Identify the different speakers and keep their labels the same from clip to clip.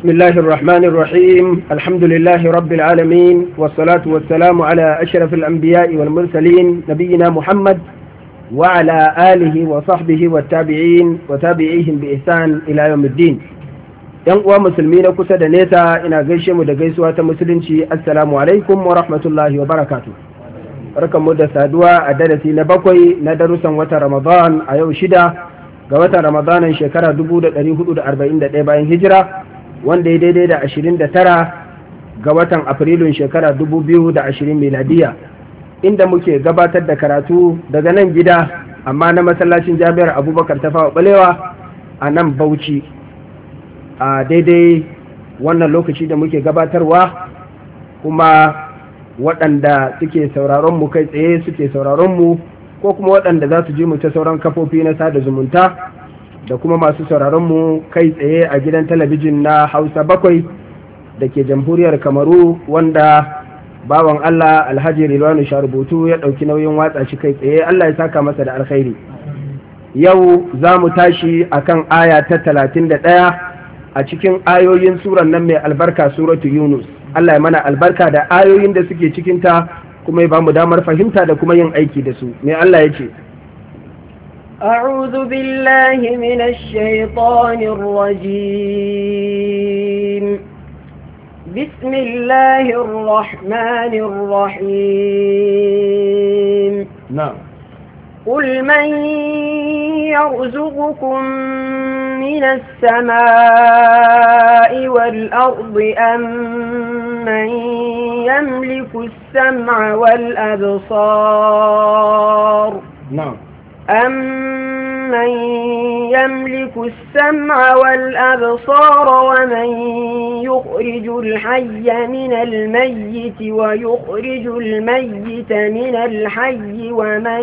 Speaker 1: بسم الله الرحمن الرحيم الحمد لله رب العالمين والصلاة والسلام على أشرف الأنبياء والمرسلين نبينا محمد وعلى آله وصحبه والتابعين وتابعيهم بإحسان إلى يوم الدين uwa musulmi na kusa da nesa ina gaishe mu da gaisuwa ta musulunci assalamu alaikum wa rahmatullahi wa barakatu barkanmu da saduwa a darasi na bakwai na darussan watan a yau shida ga watan ramadanan shekara 1441 bayan hijira wanda ya daidai da ashirin da tara ga watan afrilun shekara da ashirin miladiya inda muke gabatar da karatu daga nan gida amma na masallacin jami'ar abubakar ta fawa balewa a nan bauchi a daidai wannan lokaci da muke gabatarwa kuma waɗanda suke sauraron mu kai tsaye suke sauraron mu ko kuma waɗanda za su ji mu ta sauran kafofi na sada zumunta da kuma masu mu kai tsaye a gidan talabijin na hausa bakwai da ke jamhuriyar kamaru wanda bawan allah alhaji rilwanu sharubutu ya ɗauki nauyin watsa shi kai tsaye allah ya saka masa da alkhairi yau za mu tashi akan aya ta talatin da ɗaya a cikin ayoyin suran nan mai albarka suratu yunus allah ya mana albarka da ayoyin da suke cikinta kuma ya ba mu damar fahimta da kuma yin aiki da su mai allah ya ce
Speaker 2: أعوذ بالله من الشيطان الرجيم بسم الله الرحمن الرحيم نعم قل من يرزقكم من السماء والأرض أم من يملك السمع والأبصار نعم أَمَّن يَمْلِكُ السَّمْعَ وَالْأَبْصَارَ وَمَن يُخْرِجُ الْحَيَّ مِنَ الْمَيِّتِ وَيُخْرِجُ الْمَيِّتَ مِنَ الْحَيِّ وَمَن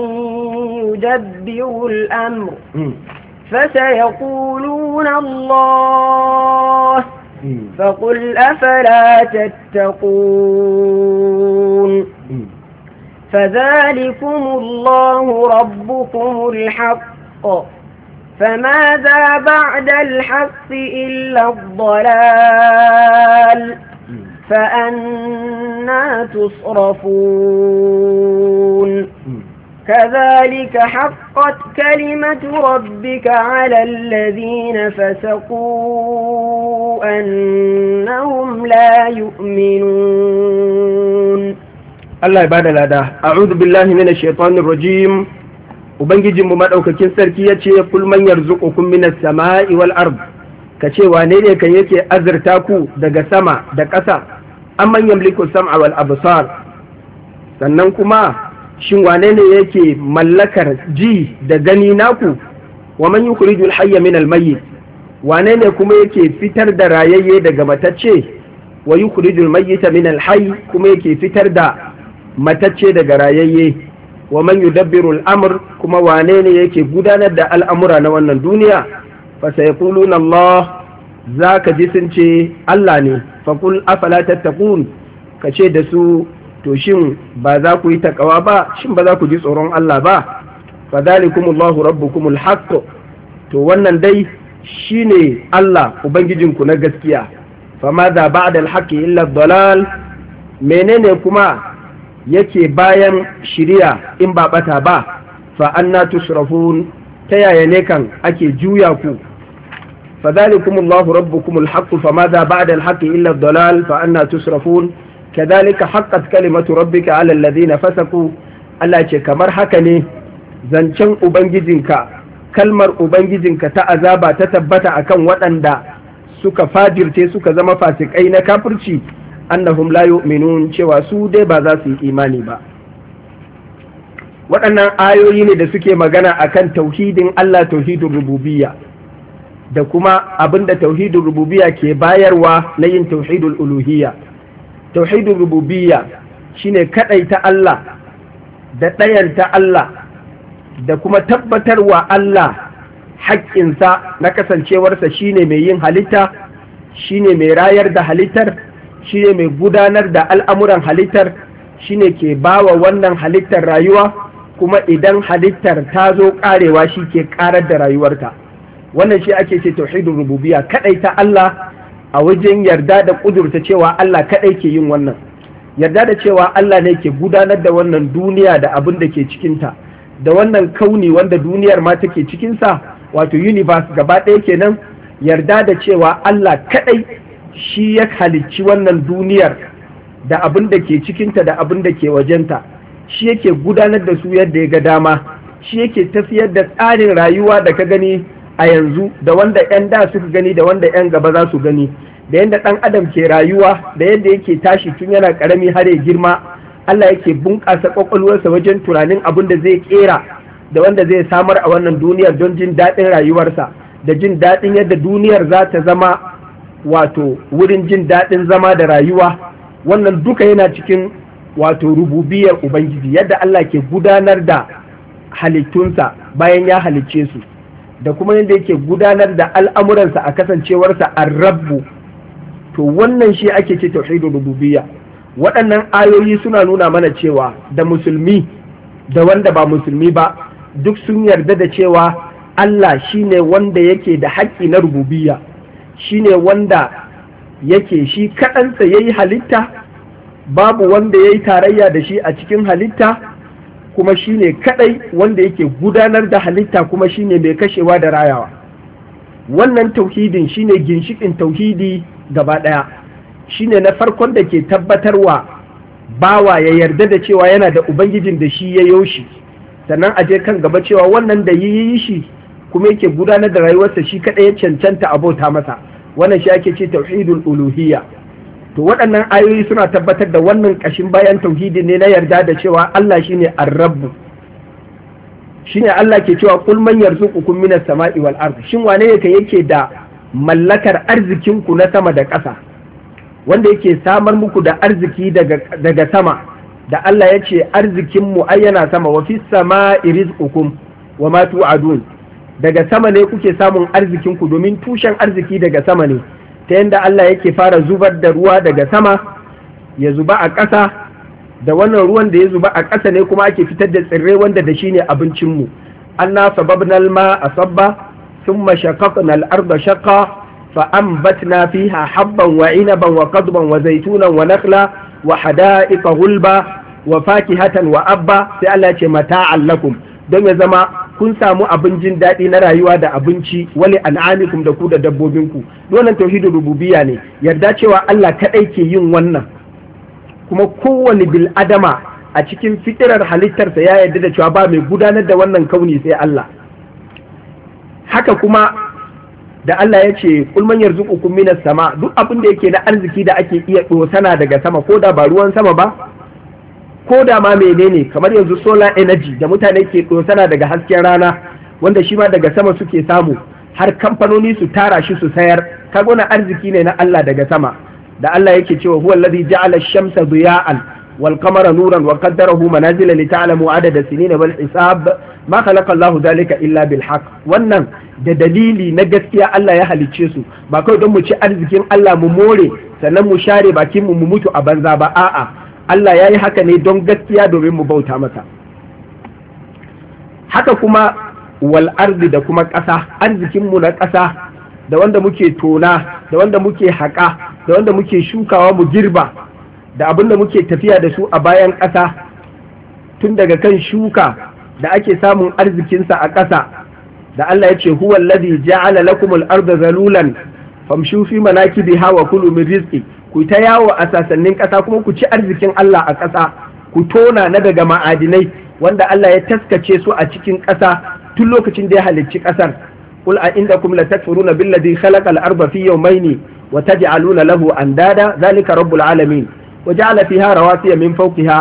Speaker 2: يُدَبِّرُ الْأَمْرَ فَسَيَقُولُونَ اللَّهُ فَقُلْ أَفَلَا تَتَّقُونَ فذلكم الله ربكم الحق فماذا بعد الحق إلا الضلال فأنا تصرفون كذلك حقت كلمة ربك على الذين فسقوا أنهم لا يؤمنون
Speaker 1: Allah ya bada lada a'udhu billahi minash shaitanir rajim ubangijinmu madaukakin sarki yace kul man yarzuqukum minas sama'i wal ard ka ce wane ne kan yake azurta ku daga sama da ƙasa amman yamliku sam'a wal absar sannan kuma shin wane ne yake mallakar ji da gani naku wa man yukhrijul hayya minal mayyit wane ne kuma yake fitar da rayayye daga matacce wa yukhrijul mayyita minal hayy kuma yake fitar da matacce daga rayayye wa man yudabbiru al'amr kuma wane ne yake gudanar da al'amura na wannan duniya fa sayquluna Allah zaka ji sun ce Allah ne fa qul afala tattaqun kace da su to shin ba za ku yi takawa ba shin ba za ku ji tsoron Allah ba fa zalikumullahu al haqq to wannan dai shine Allah ubangijinku na gaskiya fa ma za ba'da al-haqqi illa dalal menene kuma yake bayan shiriya in ba bata ba fa anna tusrafun ta yaya ne kan ake juya ku fa zalikum Allahu rabbukum al-haqq fa madha ba'da al-haqq illa ad-dalal fa anna tusrafun kadhalika haqqat kalimatu rabbika 'ala alladhina fasaqu Allah ce kamar haka ne zancen ubangijinka kalmar ubangijinka ta azaba ta tabbata akan waɗanda suka fadirce suka zama fasikai na kafurci. annahum la yu'minun cewa su dai ba za su yi imani ba waɗannan ayoyi ne da suke magana akan tauhidin Allah tauhidin rububiyya da kuma abinda tauhidin rububiyya ke bayarwa na yin tauhidul uluhiyya tauhidin rububiyya shine ta Allah da ɗayan ta Allah da kuma tabbatarwa Allah haƙƙinsa na kasancewarsa shine mai yin halitta shine mai rayar da halittar shi ne mai gudanar da al'amuran halittar shi ne ke ba wa wannan halittar rayuwa kuma idan halittar ta zo ƙarewa shi ke karar da rayuwarta wannan shi ake ce tauhidin rububiya kadai ta Allah a wajen yarda da ƙudurta cewa Allah kadai ke yin wannan yarda da cewa Allah ne ke gudanar da wannan duniya da abin da ke cikinta da wannan kauni wanda duniyar ma take cikinsa wato universe gaba ɗaya kenan yarda da cewa Allah kadai shi ya halicci wannan duniyar da abin da ke cikinta da abin da ke wajenta shi yake gudanar da su yadda ya ga dama shi yake tafiyar da tsarin rayuwa da ka gani a yanzu da wanda 'yan da suka gani da wanda 'yan gaba za su gani da yadda ɗan adam ke rayuwa da yadda yake tashi tun yana ƙarami har ya girma Allah yake bunƙasa ƙwaƙwalwarsa wajen tunanin abin da zai ƙera da wanda zai samar a wannan duniyar don jin daɗin rayuwarsa da jin daɗin yadda duniyar za ta zama wato wurin jin daɗin zama da rayuwa wannan duka yana cikin wato rububiyar ubangiji yadda Allah ke gudanar da halittunsa bayan ya halicce su da kuma yadda yake gudanar da al'amuransa a kasancewarsa a rabbu to wannan shi ake ce tauhidu rububiya. waɗannan ayoyi suna nuna mana cewa da musulmi da wanda ba musulmi ba duk sun yarda da cewa Allah shine wanda yake da haƙƙi na rububiyya shine wanda yake shi kaɗansa ya yi halitta babu wanda ya yi tarayya da shi a cikin halitta kuma shine kaɗai wanda yake gudanar da halitta kuma shine mai kashewa da rayawa wannan tauhidin shine ginshikin tauhidi gaba ɗaya shine na farkon da ke tabbatarwa bawa ya yarda da cewa yana da ubangijin da shi ya yoshi sannan a je kan gaba cewa wannan da yi shi kuma yake gudanar da rayuwarsa shi kaɗai ya cancanta abota masa wannan shi ake ce tauhidul uluhiyya to waɗannan ayoyi suna tabbatar da wannan ƙashin bayan tauhidi ne na yarda da cewa Allah shine ar-rabbu shine Allah ke cewa kul man yarzuqukum minas sama'i wal shin wane yake yake da mallakar arzikinku na sama da ƙasa wanda yake samar muku da arziki daga sama da Allah ya ce arzikin mu ayyana sama wa fis sama'i rizqukum wa ma tu'adun daga sama ne kuke samun arzikinku domin tushen arziki daga sama ne ta yadda Allah yake fara zubar da ruwa daga sama ya zuba a ƙasa da wannan ruwan da ya zuba a ƙasa ne kuma ake fitar da tsirrai wanda da shi ne abincinmu anna sababnal ma asabba thumma shaqaqna al-ardha shaqqa fa anbatna fiha habban wa inaban wa qadban wa zaitunan wa nakhla wa hada'iqa hulba wa fakihatan wa abba sai Allah ce ce mata'allakum don ya zama kun samu abin jin daɗi na rayuwa da abinci wali an'amikum da ku da dabbobinku wannan tauhidin rububiyya ne yarda cewa Allah kaɗai ke yin wannan kuma kowane bil adama a cikin fitirar halittarsa ya yarda da cewa ba mai gudanar da wannan kauni sai Allah haka kuma da Allah ya ce kulman yarzuqukum minas sama duk abin da yake na arziki da ake iya dosana daga sama ko da ba ruwan sama ba ko da ma menene kamar yanzu solar energy da mutane ke dosana daga hasken rana wanda shi ma daga sama suke samu har kamfanoni su tara shi su sayar kagona arziki ne na Allah daga sama da Allah yake cewa huwa allazi ja'ala ash-shamsa diya'an wal qamara nuran wa qaddarahu manazila li ta'lamu adada sinina wal hisab ma khalaqa Allah dhalika illa bil haqq wannan da dalili na gaskiya Allah ya halice su ba kai don mu ci arzikin Allah mu more sannan mu share bakin mu mu mutu a banza ba a'a Allah ya yi haka ne don gaskiya domin mu bauta masa haka kuma wal'arzi da kuma ƙasa arzikinmu na ƙasa da wanda muke tona da wanda muke haƙa da wanda muke shukawa mu girba da abin da muke tafiya da su a bayan ƙasa tun daga kan shuka da ake samun arzikinsa a ƙasa da Allah ya ce huwa alladhi ja'ala lakumul arda zalulan famshu fi manakibiha wa kulu min rizqi ku ta yawo a sasannin ƙasa kuma ku ci arzikin Allah a ƙasa ku tona na daga ma'adinai wanda Allah ya taskace su a cikin ƙasa tun lokacin da ya halicci ƙasar qul a indakum la takfuruna billadhi khalaqa al-arda fi yawmayni wa taj'aluna lahu andada zalika rabbul alamin wa ja'ala fiha rawasiya min fawqiha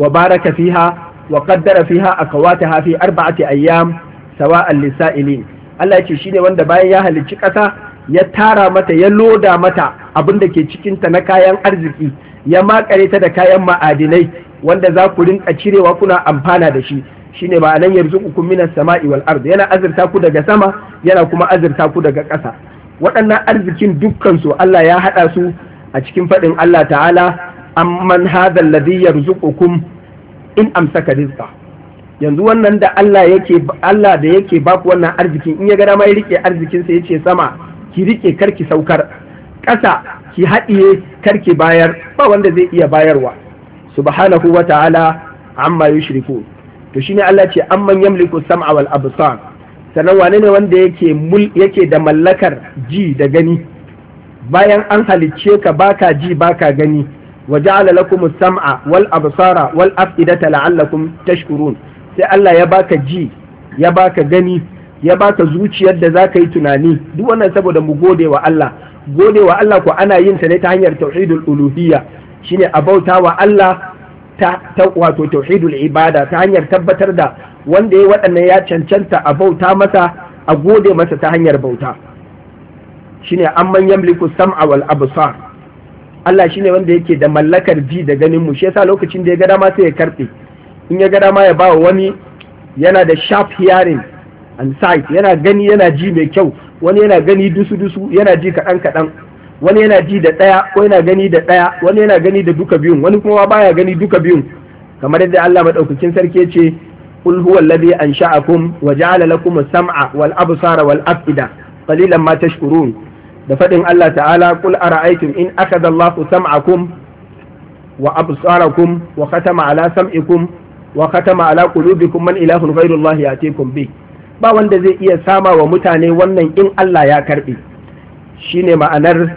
Speaker 1: wa baraka fiha wa qaddara fiha a aqwataha fi arba'ati ayyam Sawa lis-sa'ilin Allah ya ce shine wanda bayan ya halicci ƙasa ya tara mata ya loda mata abin da ke cikinta na kayan arziki ya makare ta da kayan ma'adinai wanda za ku rinka cirewa kuna amfana da shi shine ba nan ku minas sama'i wal ard yana azurta ku daga sama yana kuma azurta ku daga ƙasa waɗannan arzikin dukkan su Allah ya haɗa su a cikin faɗin Allah ta'ala amman hadha alladhi yarzuqukum in amsaka rizqa yanzu wannan da Allah yake Allah da yake baku wannan arzikin in ya ga dama ya rike arzikin sa yace sama ki rike karki saukar ƙasa ki haɗiye karki bayar ba wanda zai iya bayarwa subhanahu wa ta'ala amma yushriku to shine Allah ce amman yamliku sam'a wal absar sannan wane ne wanda yake mul yake da mallakar ji da gani bayan an halicce ka baka ji baka gani wa ja'ala lakum sam'a wal absara wal af'idata la'allakum tashkurun sai Allah ya baka ji ya baka gani ya baka zuciyar da za ka yi tunani duk wannan saboda mu gode wa Allah gode wa Allah ko ana yin ta ne ta hanyar tauhidul uluhiyya shine a bauta wa Allah ta, wato tauhidul ibada ta hanyar tabbatar da wanda ya waɗannan ya cancanta a bauta masa a gode masa ta hanyar bauta shine amman yamliku sam'a wal absar Allah shine wanda yake da mallakar ji da ganin mu shi yasa lokacin da ya ga dama sai ya karbe in ya ga dama ya ba wa wani yana da sharp hearing and yana gani yana ji mai kyau wani yana gani dusu dusu yana ji kaɗan kaɗan wani yana ji da ɗaya ko yana gani da ɗaya wani yana gani da duka biyun wani kuma baya gani duka biyun kamar yadda Allah madaukakin sarki ce qul huwa alladhi ansha'akum wa ja'ala lakum as-sam'a wal absara wal af'ida qalilan ma tashkurun da fadin Allah ta'ala qul ara'aytum in akhadha Allahu sam'akum wa absarakum wa khatama ala sam'ikum wa khatama ala qulubikum man ilahun ghayru Allah ya'tikum bih ba wanda zai iya sama wa mutane wannan in Allah ya Shi ne ma'anar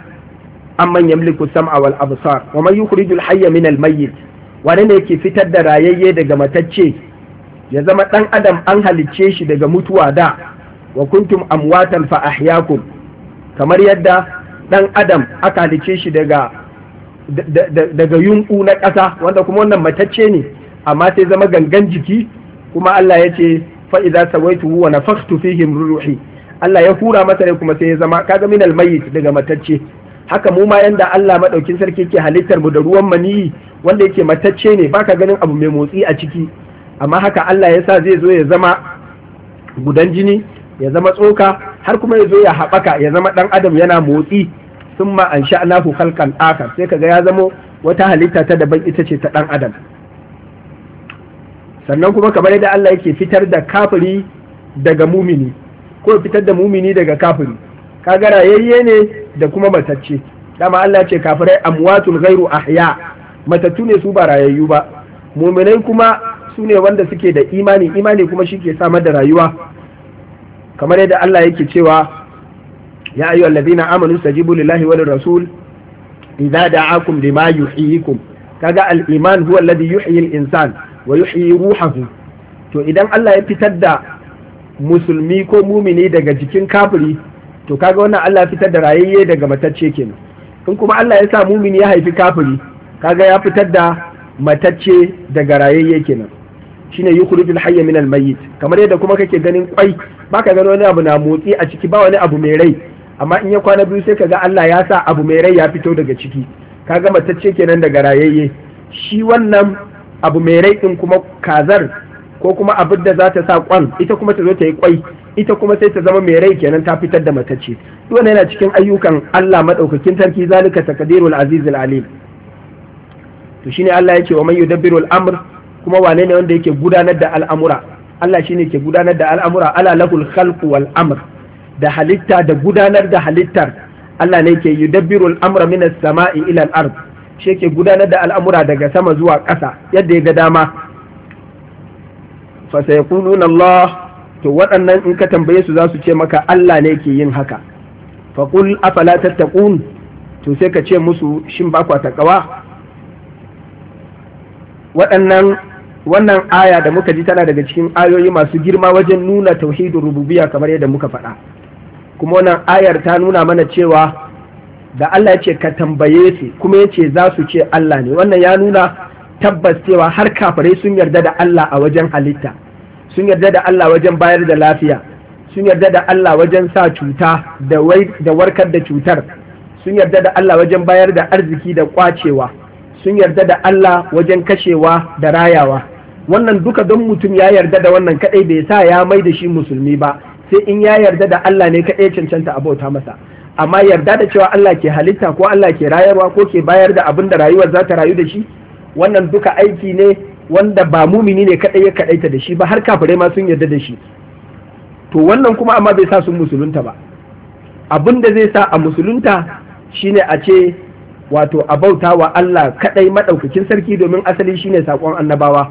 Speaker 1: amman yamliku sam'a wal absar wa man yukhrijul hayya min al mayyit wane ne ke fitar da rayayye daga matacce ya zama ɗan adam an halicce shi daga mutuwa da wa kuntum amwatan fa kamar yadda dan adam aka halicce shi daga yunƙu na ƙasa wanda kuma wannan matacce ne amma sai zama gangan jiki kuma Allah ya ce fa idza sawaituhu wa nafakhtu ruhi Allah ya hura masa ne kuma sai ya zama kaga min almayit daga matacce haka mu ma yanda Allah madaukin sarki yake halittar mu da ruwan maniyi wanda yake matacce ne baka ganin abu mai motsi a ciki amma haka Allah ya sa zai zo ya zama gudan jini ya zama tsoka har kuma ya zo ya haɓaka ya zama ɗan adam yana motsi sun ma an Allahu halkan akar sai kaga ya zama wata halitta ta daban ita ce ta ɗan adam sannan kuma kamar yadda Allah yake fitar da kafiri daga mumini ko fitar da mumini daga kafiri kaga rayayye ne da kuma matacce dama Allah ce kafirai amwatul ghairu ahya matattu ne su ba rayayyu ba muminai kuma su ne wanda suke da imani imani kuma shi ke samar da rayuwa kamar yadda Allah yake cewa ya ayyuha allazina amanu sajibu lillahi wal rasul idza da'akum lima yuhyikum kaga al-iman huwa alladhi yuhyi al-insan wa yuhyi ruhahu to idan Allah ya fitar da musulmi ko mumini daga jikin kafiri to kaga wannan Allah ya fitar da rayayye daga matacce kenan in kuma Allah ya sa mumini ya haifi kafiri kaga ya fitar da matacce daga rayayye kenan shine yukhrijul hayya minal mayyit kamar yadda kuma kake ganin kwai baka gano wani abu na motsi a ciki ba wani abu mai rai amma in ya kwana biyu sai kaga Allah ya sa abu mai rai ya fito daga ciki kaga matacce kenan daga rayayye shi wannan abu mai rai ɗin kuma kazar ko kuma abin da za ta sa kwan ita kuma ta zo ta yi kwai ita kuma sai ta zama mai rai kenan ta fitar da matacce dole yana cikin ayyukan Allah madaukakin sarki zalika taqdirul azizul alim to shine Allah yake wa man yudabbiru al-amr kuma wane ne wanda yake gudanar da al'amura Allah shine ke gudanar da al'amura ala lahul khalqu wal amr da halitta da gudanar da halittar Allah ne ke yudabbiru al-amra minas sama'i ila al-ard shi yake gudanar da al'amura daga sama zuwa ƙasa yadda ya ga dama fa sayakununa Allah to waɗannan in ka tambaye su za su ce maka Allah ne ke yin haka fa qul afala tattaqun to sai ka ce musu shin ba ta ƙawa? waɗannan wannan aya da muka ji tana daga cikin ayoyi masu girma wajen nuna tauhidin rububiya kamar yadda muka faɗa kuma wannan ayar ta nuna mana cewa da Allah ya ce ka tambaye su kuma ya ce za su ce Allah ne wannan ya nuna tabbas cewa har kafirai sun yarda da Allah a wajen halitta sun yarda da Allah wajen bayar da lafiya sun yarda da Allah wajen sa cuta da warkar da cutar sun yarda da Allah wajen bayar da arziki da kwacewa sun yarda da Allah wajen kashewa da rayawa wannan duka don mutum ya yarda da wannan kadai bai sa ya mai da shi musulmi ba sai in ya yarda da Allah ne kadai cancanta abota masa amma yarda da cewa Allah ke halitta ko Allah ke rayarwa ko ke bayar da abin da rayuwar za ta rayu da shi wannan duka aiki ne wanda ba mumini ne kadai ya kadaita da shi ba har kafirai ma sun yarda da shi to wannan kuma amma bai sa sun musulunta ba abin da zai sa a musulunta shine a ce wato a bauta wa Allah kadai madaukakin sarki domin asali shine sakon annabawa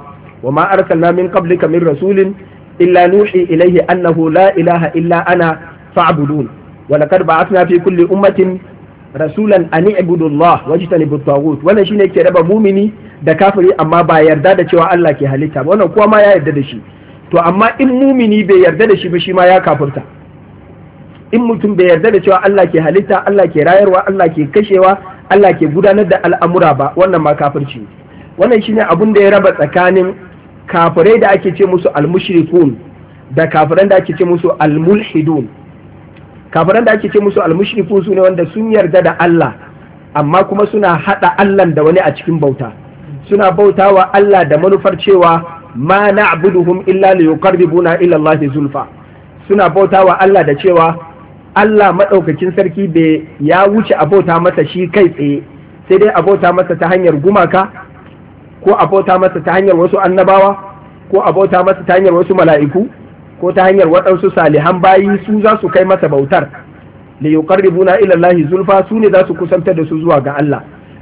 Speaker 1: wa ma arsalna min qablika min rasulin illa nuhi ilaihi annahu la ilaha illa ana fa'budun walakar ba asna fi kulli ummatin rasulan an ibudu Allah wajtanibu tagut wannan shine ke raba mumini da kafiri amma ba yarda da cewa Allah ke halitta ba wannan kowa ma ya yarda da shi to amma in mumini bai yarda da shi ba shi ma ya kafirta in mutum bai yarda da cewa Allah ke halitta Allah ke rayarwa Allah ke kashewa Allah ke gudanar da al'amura ba wannan ma kafirci wannan shine abun da ya raba tsakanin kafirai da ake ce musu almushrikun, da kafiran da ake ce musu al kafiran da ake ce musu almushriku su ne wanda sun yarda da Allah amma kuma suna haɗa Allah da wani a cikin bauta suna bautawa Allah da manufar cewa ma na'buduhum illa liyuqarribuna ila Allah zulfa suna bautawa Allah da cewa Allah madaukakin sarki bai ya wuce abota masa shi kai tsaye sai dai abota masa ta hanyar gumaka ko abota masa ta hanyar wasu annabawa ko abota masa ta hanyar wasu mala'iku ko ta hanyar waɗansu salihan bayi su za su kai masa bautar li yuqarribuna ila Allahi, zulfa su ne za su kusantar da su zuwa ga Allah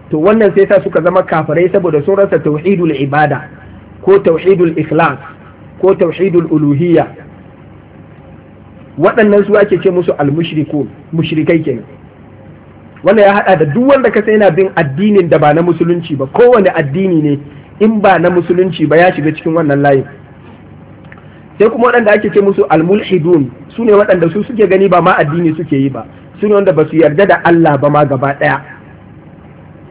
Speaker 1: to wannan sai sa suka zama kafarai saboda sun rasa tauhidul ibada ko tauhidul ikhlas ko tauhidul uluhiyya waɗannan su ake ce musu almushrikun mushrikai kenan wannan ya haɗa da duk wanda ka yana bin addinin da ba na musulunci ba kowane addini ne in ba na musulunci ba ya shiga cikin wannan layin sai kuma waɗanda ake ce musu almulhidun su ne waɗanda su suke gani ba ma addini suke yi ba su ne wanda ba su yarda da Allah ba ma gaba ɗaya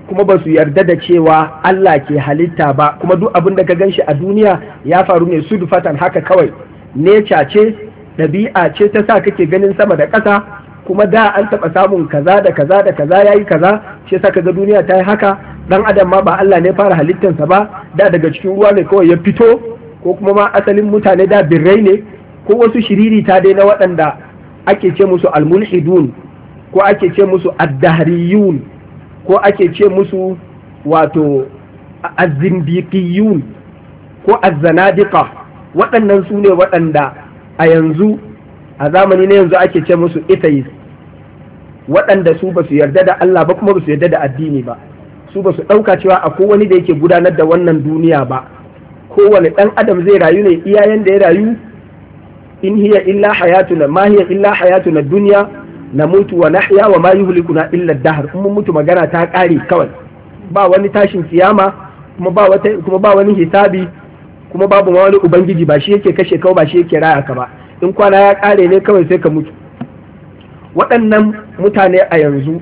Speaker 1: kuma ba su yarda da cewa Allah ke halitta ba kuma duk abin da ka gan shi a duniya ya faru ne su dufatan haka kawai neca ce ɗabi'a ce ta sa kake ganin sama da ƙasa kuma da an taɓa samun kaza da kaza da kaza ya yi kaza shi yasa kaga duniya ta yi haka dan adam ma ba Allah ne fara halittansa ba da daga cikin ruwa ne kawai ya fito ko kuma ma asalin mutane da birrai ne ko wasu shiriri ta dai na waɗanda ake ce musu almulhidun ko ake ce musu addahariyun ko ake ce musu wato azzindikiyun ko azzanadika waɗannan su ne waɗanda a yanzu a zamani na yanzu ake ce musu atheist waɗanda su ba su yarda da Allah ba kuma ba su yarda da addini ba su ba su ɗauka cewa akwai wani da yake gudanar da wannan duniya ba kowane ɗan adam zai rayu ne iyayen da ya rayu in hiya illa hayatuna ma hiya illa hayatuna duniya na mutu wa nahya wa ma yuhlikuna illa dahar mun mutu magana ta ƙare kawai ba wani tashin kiyama kuma ba wata kuma ba wani hisabi kuma babu ma wani ubangiji ba shi yake kashe kawai ba shi yake raya ka ba in kwana ya ƙare ne kawai sai ka mutu waɗannan mutane a yanzu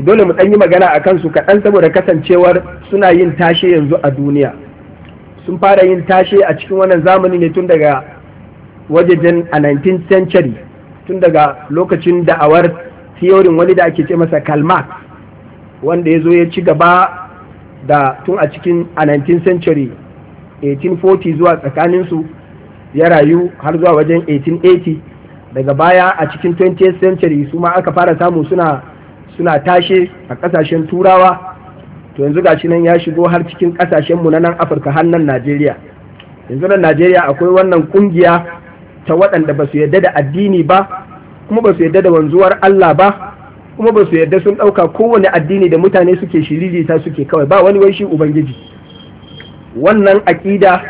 Speaker 1: dole mu ɗan yi magana a kansu kaɗan saboda kasancewar suna yin tashe yanzu a duniya sun fara yin tashe a cikin wannan zamani ne tun daga wajejen a 19th century tun daga lokacin da'awar theorin wani da ake ce masa Karl wanda ya zo ya ci gaba da tun a cikin a 19th century 1840 zuwa tsakaninsu ya rayu har zuwa wajen 1880 daga baya a cikin 20th century su ma aka fara samu suna suna tashe a kasashen turawa to yanzu ga shi nan ya shigo har cikin kasashen mu na nan Afirka har nan Najeriya yanzu nan Najeriya akwai wannan ƙungiya ta waɗanda ba su yarda da addini ba kuma ba su yarda da wanzuwar Allah ba kuma ba su yarda sun ɗauka kowane addini da mutane suke shiririta suke kawai ba wani wai shi ubangiji wannan aƙida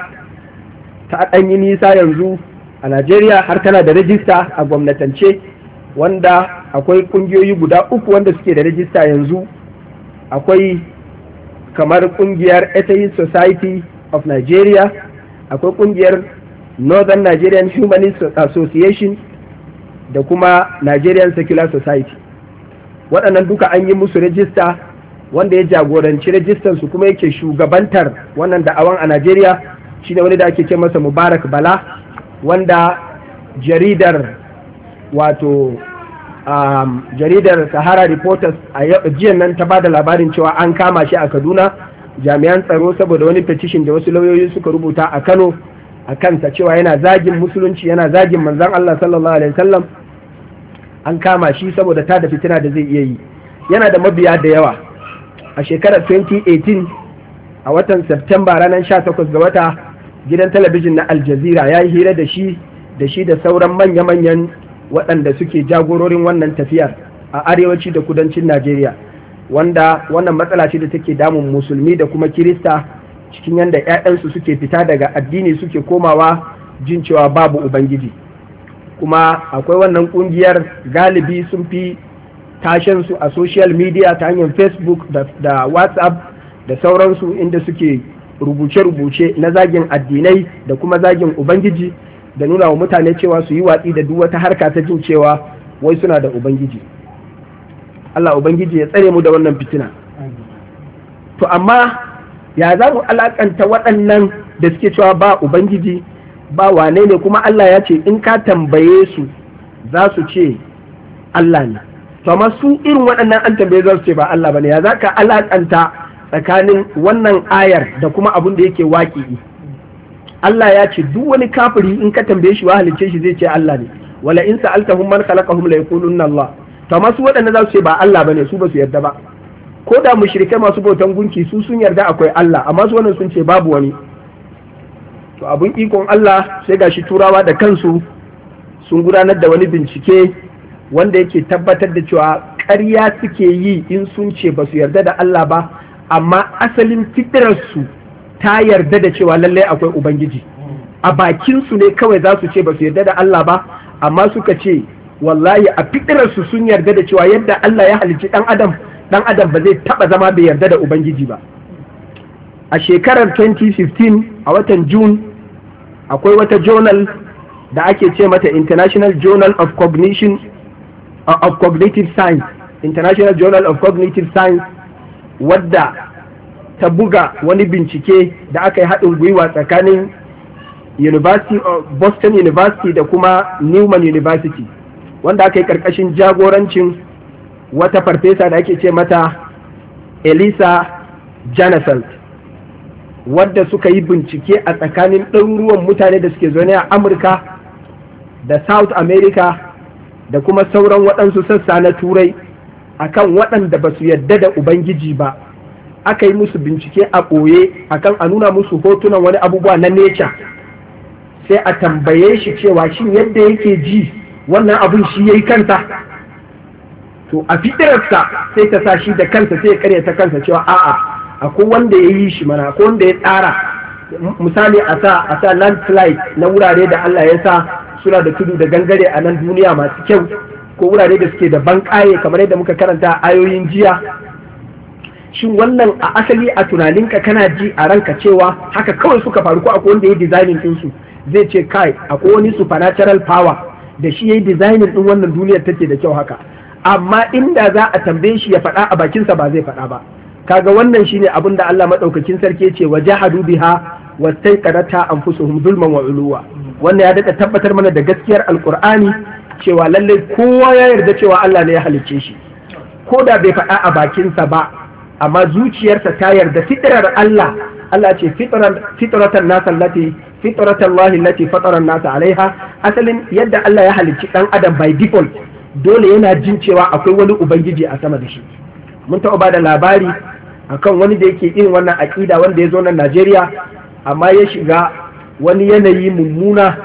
Speaker 1: ta ɗan nisa yanzu a Najeriya har tana da rajista a gwamnatance wanda akwai ƙungiyoyi guda uku wanda suke da rajista yanzu akwai kamar ƙungiyar atheist society of nigeria akwai ƙungiyar northern nigerian humanist association da kuma nigerian secular society waɗannan duka an yi musu rajista wanda ya jagoranci rajistan su kuma yake shugabantar wannan da'awan a najeriya ne wani da ake ce masa mubarak bala wanda jaridar wato Um, jaridar sahara reporters a jiyan nan ta ba da labarin cewa an kama shi a kaduna jami'an tsaro saboda wani petition da wasu lauyoyi suka rubuta a kano a kansa cewa yana zagin musulunci yana zagin manzan allah sallallahu alaihi wasallam an kama shi saboda ta da fitina da zai iya yi yana da mabiya da yawa a shekarar 2018 a watan septemba ranar 18 ga wata gidan talabijin na aljazeera ya yi hira da shi da shi da sauran manya-manyan waɗanda suke jagororin wannan tafiyar a arewaci da kudancin najeriya wanda wannan matsala ce da take damun musulmi da kuma kirista cikin yadda 'ya'yansu suke fita daga addini suke komawa jin cewa babu ubangiji kuma akwai wannan ƙungiyar galibi sun fi tashensu a social media ta hanyar facebook da, da whatsapp da sauransu inda suke rubuce-rubuce na zagin addinai da kuma zagin ubangiji da nuna wa mutane cewa su yi watsi da duk wata harka ta jin cewa wai suna da ubangiji Allah ubangiji ya tsare mu da wannan fitina to amma ya za mu alakanta waɗannan da suke cewa ba ubangiji ba wane ne kuma Allah ya ce in ka tambaye su za su ce Allah ne to amma su irin waɗannan an tambaye za su ce ba Allah ba ne? ya za ka alakanta tsakanin wannan ayar da kuma abin da yake waƙi Allah ya ce duk wani kafiri in ka tambaye shi wa halice shi zai ce Allah ne wala in sa'altahum man khalaqahum la yaqulunna Allah to masu waɗanda za su ce ba Allah bane su ba su yarda ba ko da mushrike masu bautan gunki su sun yarda akwai Allah amma su wannan sun ce babu wani to abun ikon Allah sai gashi turawa da kansu sun gudanar da wani bincike wanda yake tabbatar da cewa ƙarya suke yi in sun ce ba su yarda da Allah ba amma asalin fitirarsu ta yarda da cewa lallai akwai ubangiji a bakinsu ne kawai za su ce ba su yarda da Allah ba amma suka ce wallahi a fitirarsu sun yarda da cewa yadda Allah ya halicci dan adam ɗan adam ba zai taba zama bai yarda da ubangiji ba a shekarar 2015 a watan June akwai wata journal da ake ce mata International Journal of Cognition uh, of Cognitive Science International Journal of Cognitive Science wadda ta buga wani bincike da aka yi haɗin gwiwa tsakanin University of Boston University da kuma Newman University wanda aka yi ƙarƙashin jagorancin wata farfesa da ake ce mata Elisa Janasalt wadda suka yi bincike a tsakanin ɗaruruwan mutane da suke zaune a Amurka da South America da kuma sauran waɗansu sassa na Turai akan waɗanda ba su yarda da Ubangiji ba aka yi musu bincike a ɓoye akan a nuna musu hotunan wani abubuwa na nature sai a tambaye shi cewa shin yadda yake ji wannan abun shi ya yi kanta to a fitirarsa sai ta sa shi da kansa sai ya karya ta kansa cewa a'a akwai wanda ya yi shi mana akwai wanda ya tsara misali a sa a sa landslide na wurare da Allah ya sa suna da tudu da gangare a nan duniya masu kyau ko wurare da suke da banƙaye kamar yadda muka karanta ayoyin jiya shin wannan a asali a tunaninka kana ji a ranka cewa haka kawai suka faru ko akwai wanda ya designing din ɗinsu? zai ce kai akwai wani supernatural power da shi yayi designing din wannan duniyar take da kyau haka amma inda za a tambaye shi ya faɗa a bakinsa ba zai faɗa ba kaga wannan shine abin da Allah madaukakin sarki ya ce wa biha wastaqarata anfusuhum zulman wa uluwa wannan ya daɗa tabbatar mana da gaskiyar alqur'ani cewa lallai kowa ya yarda cewa Allah ne ya halicce shi ko da bai faɗa a bakinsa ba amma zuciyarsa ta yarda fitrar Allah Allah ce fitratan nasa lati fitratan lahi lati fataran nasa alaiha asalin yadda Allah ya halicci ɗan adam by default dole yana jin cewa akwai wani ubangiji a sama da shi mun taɓa ba da labari akan wani da yake irin wannan aƙida wanda ya zo na Najeriya amma ya shiga wani yanayi mummuna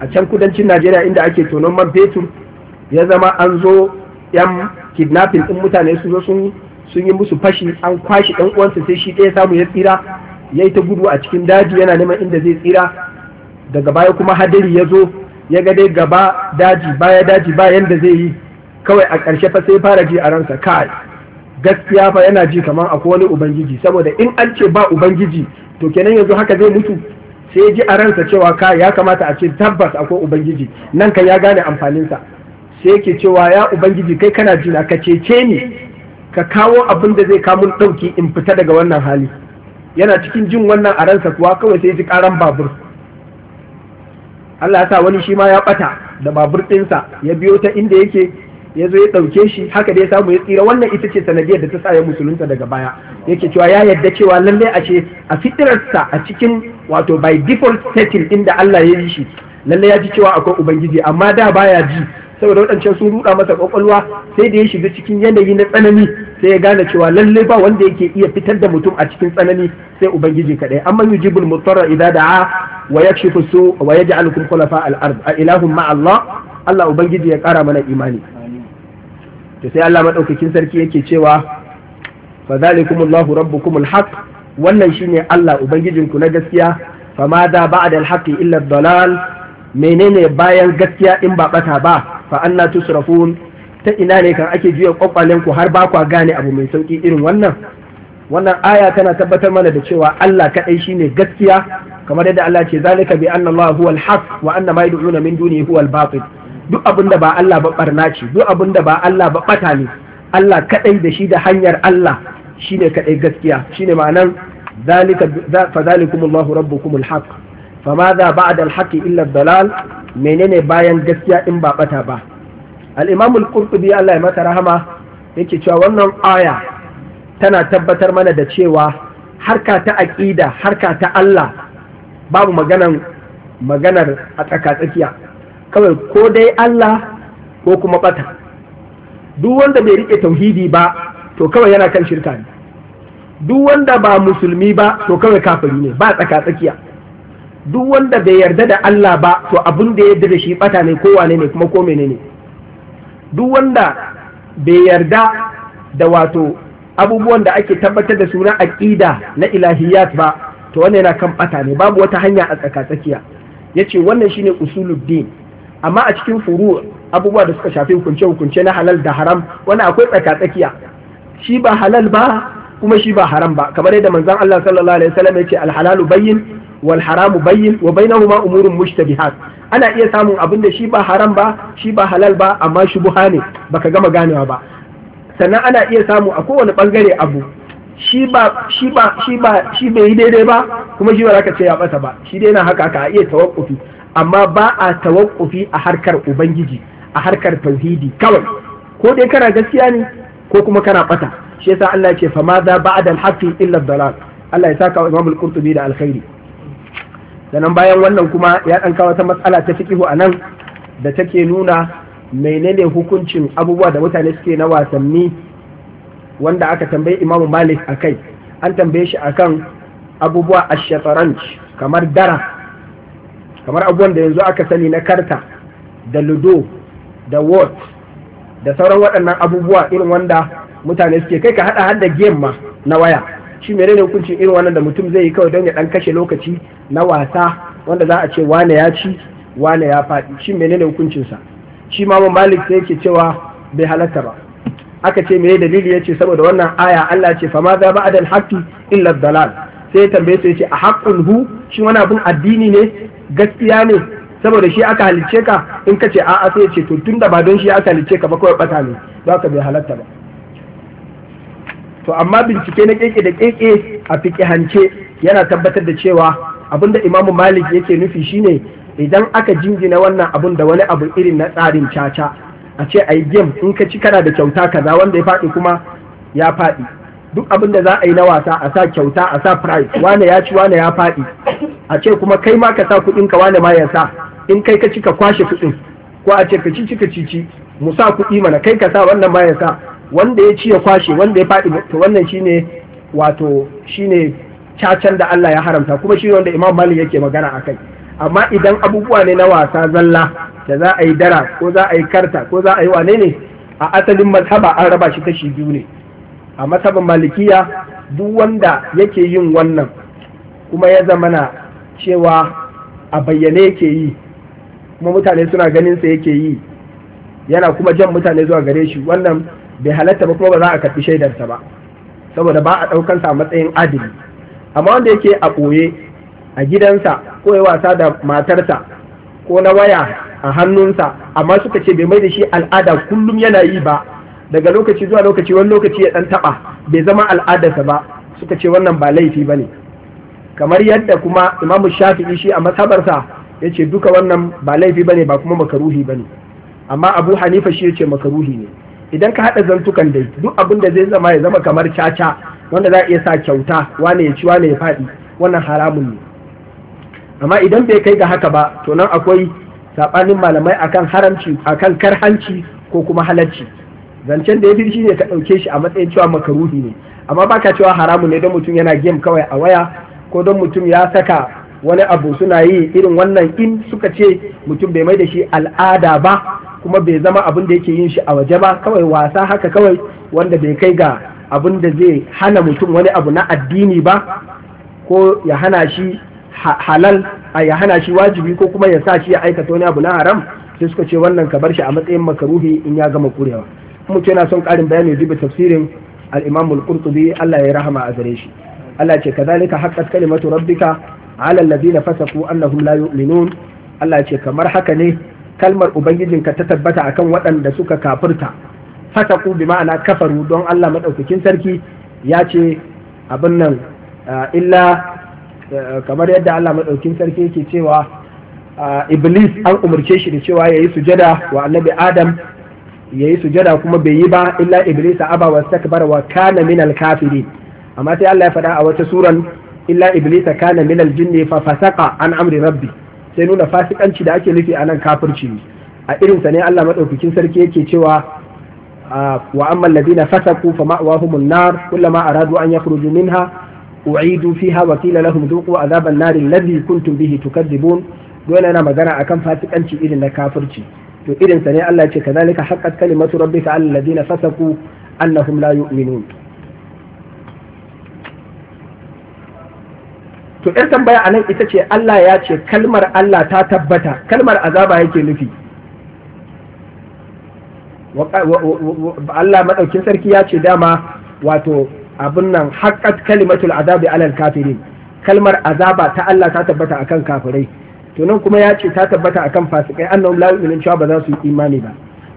Speaker 1: a can kudancin Najeriya inda ake tonon man fetur ya zama an zo yan kidnapping ɗin mutane su zo sun sun yi musu fashi an kwashi ɗan uwansa sai shi ɗaya samu ya tsira ya yi ta gudu a cikin daji yana neman inda zai tsira daga baya kuma hadari ya zo ya ga dai gaba daji baya daji ba yanda zai yi kawai a ƙarshe fa sai fara ji a ransa kai gaskiya fa yana ji kamar akwai wani ubangiji saboda in an ce ba ubangiji to kenan yanzu haka zai mutu sai ji a ransa cewa ka ya kamata a ce tabbas akwai ubangiji nan kan ya gane amfaninsa sai yake cewa ya ubangiji kai kana jina ka cece ni ka kawo abin da zai kamun ɗauki in fita daga wannan hali yana cikin jin wannan a ransa kuwa kawai sai ji ƙaran babur Allah ya sa wani shi ma ya ɓata da babur ɗinsa ya biyo ta inda yake ya zo ya ɗauke shi haka da ya samu ya tsira wannan ita ce sanadiyar da ta sa ya musulunta daga baya yake cewa ya yarda cewa lallai a ce a fitirarsa a cikin wato by default setting inda Allah ya yi shi lallai ya ji cewa akwai ubangiji amma da baya ji saboda waɗancan sun ruɗa masa ƙwaƙwalwa sai da ya shiga cikin yanayi na tsanani sai ya gane cewa lalle ba wanda yake iya fitar da mutum a cikin tsanani sai ubangiji kadai amma jibin mutarra idza da'a wa yakshifu su wa yaj'alukum khulafa al-ard a ilahun ma Allah Allah ubangiji ya kara mana imani to sai Allah maɗaukakin sarki yake cewa fa zalikumullahu rabbukumul haqq wannan shine Allah ku na gaskiya ma da ba'da al-haqqi illa dalal menene bayan gaskiya in ba bata ba fa anna tusrafun ta ina ne kan ake juya kwakwalen ku har ba kwa gane abu mai sauki irin wannan wannan aya tana tabbatar mana da cewa Allah kadai shine gaskiya kamar yadda Allah ce zalika bi anna Allah huwal haq wa anna ma yad'una min dunihi huwal batil duk abinda ba Allah ba barna ce duk abinda ba Allah ba bata ne Allah kaɗai da shi da hanyar Allah shine kaɗai gaskiya shine ma'anan zalika fa zalikumullahu rabbukumul haq فماذا بعد الحق إلا dalal? menene bayan gaskiya in ba bata ba Al'imamul imam al Allah ya mata rahama yake cewa wannan aya tana tabbatar mana da cewa harka ta aƙida harka ta Allah babu maganan maganar a tsaka tsakiya kawai ko dai Allah ko kuma ɓata. duk wanda bai riƙe tauhidi ba to kawai yana kan shirka ne duk wanda ba musulmi ba to kawai kafiri ne ba tsaka tsakiya duk wanda bai yarda da Allah ba to abin da ya da shi ɓata ne kowa ne kuma ko menene ne duk wanda bai yarda da wato abubuwan da ake tabbatar da suna aƙida na ilahiyat ba to wannan yana kan ɓata ne babu wata hanya a tsakatsakiya Ya ce wannan shine usuluddin amma a cikin furu abubuwa da suka shafi hukunce hukunce na halal da haram wani akwai tsakatsakiya shi ba halal ba kuma shi ba haram ba kamar yadda manzon Allah sallallahu alaihi wasallam ya al halalu bayyin wal haramu bayyin wa bainahuma umurun mushtabihat ana iya samun abin da shi ba haram ba shi ba halal ba amma shubuha ne baka gama ganewa ba sannan ana iya samu a kowane bangare abu shi ba shi ba shi ba shi bai yi daidai ba kuma shi ba za ce ya bata ba shi dai na haka ka iya tawakkufi amma ba a tawakkufi a harkar ubangiji a harkar tauhidi kawai ko dai kana gaskiya ne ko kuma kana bata shi yasa Allah ya ce fa ma za ba'da al-haqqi illa dalal Allah ya saka wa Imam al-Qurtubi da alkhairi Sanan bayan wannan kuma ya ɗan kawo ta matsala ta fikihu a nan da take nuna menene hukuncin abubuwa da mutane suke na wasanni wanda aka tambayi imamu malik a kai an tambaye shi a kan abubuwa a kamar dara kamar abubuwan da yanzu aka sani na karta da ludo da wot da sauran waɗannan abubuwa irin wanda mutane suke kai ka haɗa hada game ma na waya shi menene hukuncin irin wannan da mutum zai yi kawai don ya dan kashe lokaci na wasa wanda za a ce wane ya ci wane ya faɗi shi menene sa shi ma malik sai yake cewa bai halatta ba aka ce meye dalili yace saboda wannan aya Allah ce fama za ba adal haqqi illa dalal sai tambaye su yace a haqqun hu shi wani abun addini ne gaskiya ne saboda shi aka halicce ka in ka ce a'a sai ce to tunda ba don shi aka halicce ka ba kawai bata ne za ka bai halatta ba to amma bincike na keke da keke a hance yana tabbatar da cewa abin da imamu malik yake nufi shine idan aka jingina wannan abun da wani abu irin na tsarin caca a ce a yi gem in ka ci kana da kyauta kaza wanda ya faɗi kuma ya faɗi duk abin da za a yi na wasa a sa kyauta a sa price wane ya ci wane ya faɗi a ce kuma kai ma ka sa kuɗin ka wane ma ya sa in kai ka ci ka kwashe kuɗin ko a ce ka ci ci ka ci ci mu sa kuɗi mana kai ka sa wannan ma ya sa wanda ya ci ya kwashe wanda ya faɗi to wannan shine wato shine cacan da Allah ya haramta kuma shine wanda Imam Malik yake magana akai amma idan abubuwa ne na wasa zalla da za a yi dara ko za a yi karta ko za a yi wane ne a asalin mazhaba an raba shi kashi biyu ne a mazhaban malikiya duk wanda yake yin wannan kuma ya zama na cewa a bayyane yake yi kuma mutane suna ganin sa yake yi yana kuma jan mutane zuwa gare shi wannan bai halatta ba kuma ba za a karɓi shaidarsa ba saboda ba a ɗaukansa a matsayin adili amma wanda yake a ɓoye a gidansa ko ya wasa da matarsa ko na waya a hannunsa amma suka ce bai mai da shi al'ada kullum yana yi ba daga lokaci zuwa lokaci wani lokaci ya ɗan taɓa bai zama al'adarsa ba suka ce wannan ba laifi ba ne kamar yadda kuma imamu shafi'i shi a masabarsa ya ce duka wannan ba laifi ba ne ba kuma makaruhi ba ne amma abu hanifa shi ya ce makaruhi ne idan ka haɗa zantukan dai duk abin da zai zama ya zama kamar caca wanda za a iya sa kyauta wane ya ci wane ya faɗi wannan haramun ne amma idan bai kai ga haka ba to nan akwai saɓanin malamai akan haramci akan karhanci ko kuma halarci zancen da ya fi shi ne ka ɗauke shi a matsayin cewa makaruhi ne amma baka cewa haramun ne don mutum yana game kawai a waya ko don mutum ya saka wani abu suna yi irin wannan in suka ce mutum bai mai da shi al'ada ba kuma bai zama abin da yake yin shi a waje ba kawai wasa haka kawai wanda bai kai ga abin da zai hana mutum wani abu na addini ba ko ya hana shi halal a ya hana shi wajibi ko kuma ya sa shi ya aikata wani abu na haram sai suka ce wannan ka bar shi a matsayin makaruhi in ya gama kurewa mutum yana son karin bayani dubi tafsirin al-Imam al-Qurtubi Allah ya rahama a gare shi Allah ce kazalika haqqat kalimatu rabbika ala alladhina fasaqu annahum la yu'minun Allah ce kamar haka ne kalmar ubangijinka ta tabbata akan waɗanda suka kafirta fasaku bi ma'ana kafaru don Allah maɗaukakin sarki ya ce abin nan illa kamar yadda Allah madaukakin sarki yake cewa iblis an umarce shi da cewa yayi sujada wa annabi adam yayi sujada kuma bai yi ba illa iblis aba wastakbara wa kana minal kafirin amma sai Allah ya faɗa a wata suran illa iblis kana minal jinni fa fasaqa an amri rabbi sai nuna fasikanci da ake nufi a nan kafirci a irinsa ne Allah maɗaukakin sarki yake cewa wa amma ladina fasaku fa ma'wahum an-nar kullama aradu an yakhruju minha u'idu fiha wa qila lahum dhuqu adhaban nar alladhi kuntum bihi tukadzibun dole yana magana akan fasikanci irin na kafirci to irinsa ne Allah ya ce kazalika haqqat kalimatu rabbika alladhina fasaku annahum la yu'minun to yar tambaya a nan ita ce Allah ya ce kalmar Allah ta tabbata kalmar azaba yake nufi Allah maɗaukin sarki ya ce dama wato abin nan haƙƙat kalimatul azabi alal kafirin kalmar azaba ta Allah ta tabbata akan kafirai to nan kuma ya ce ta tabbata akan fasikai annahum la cewa ba za su yi imani ba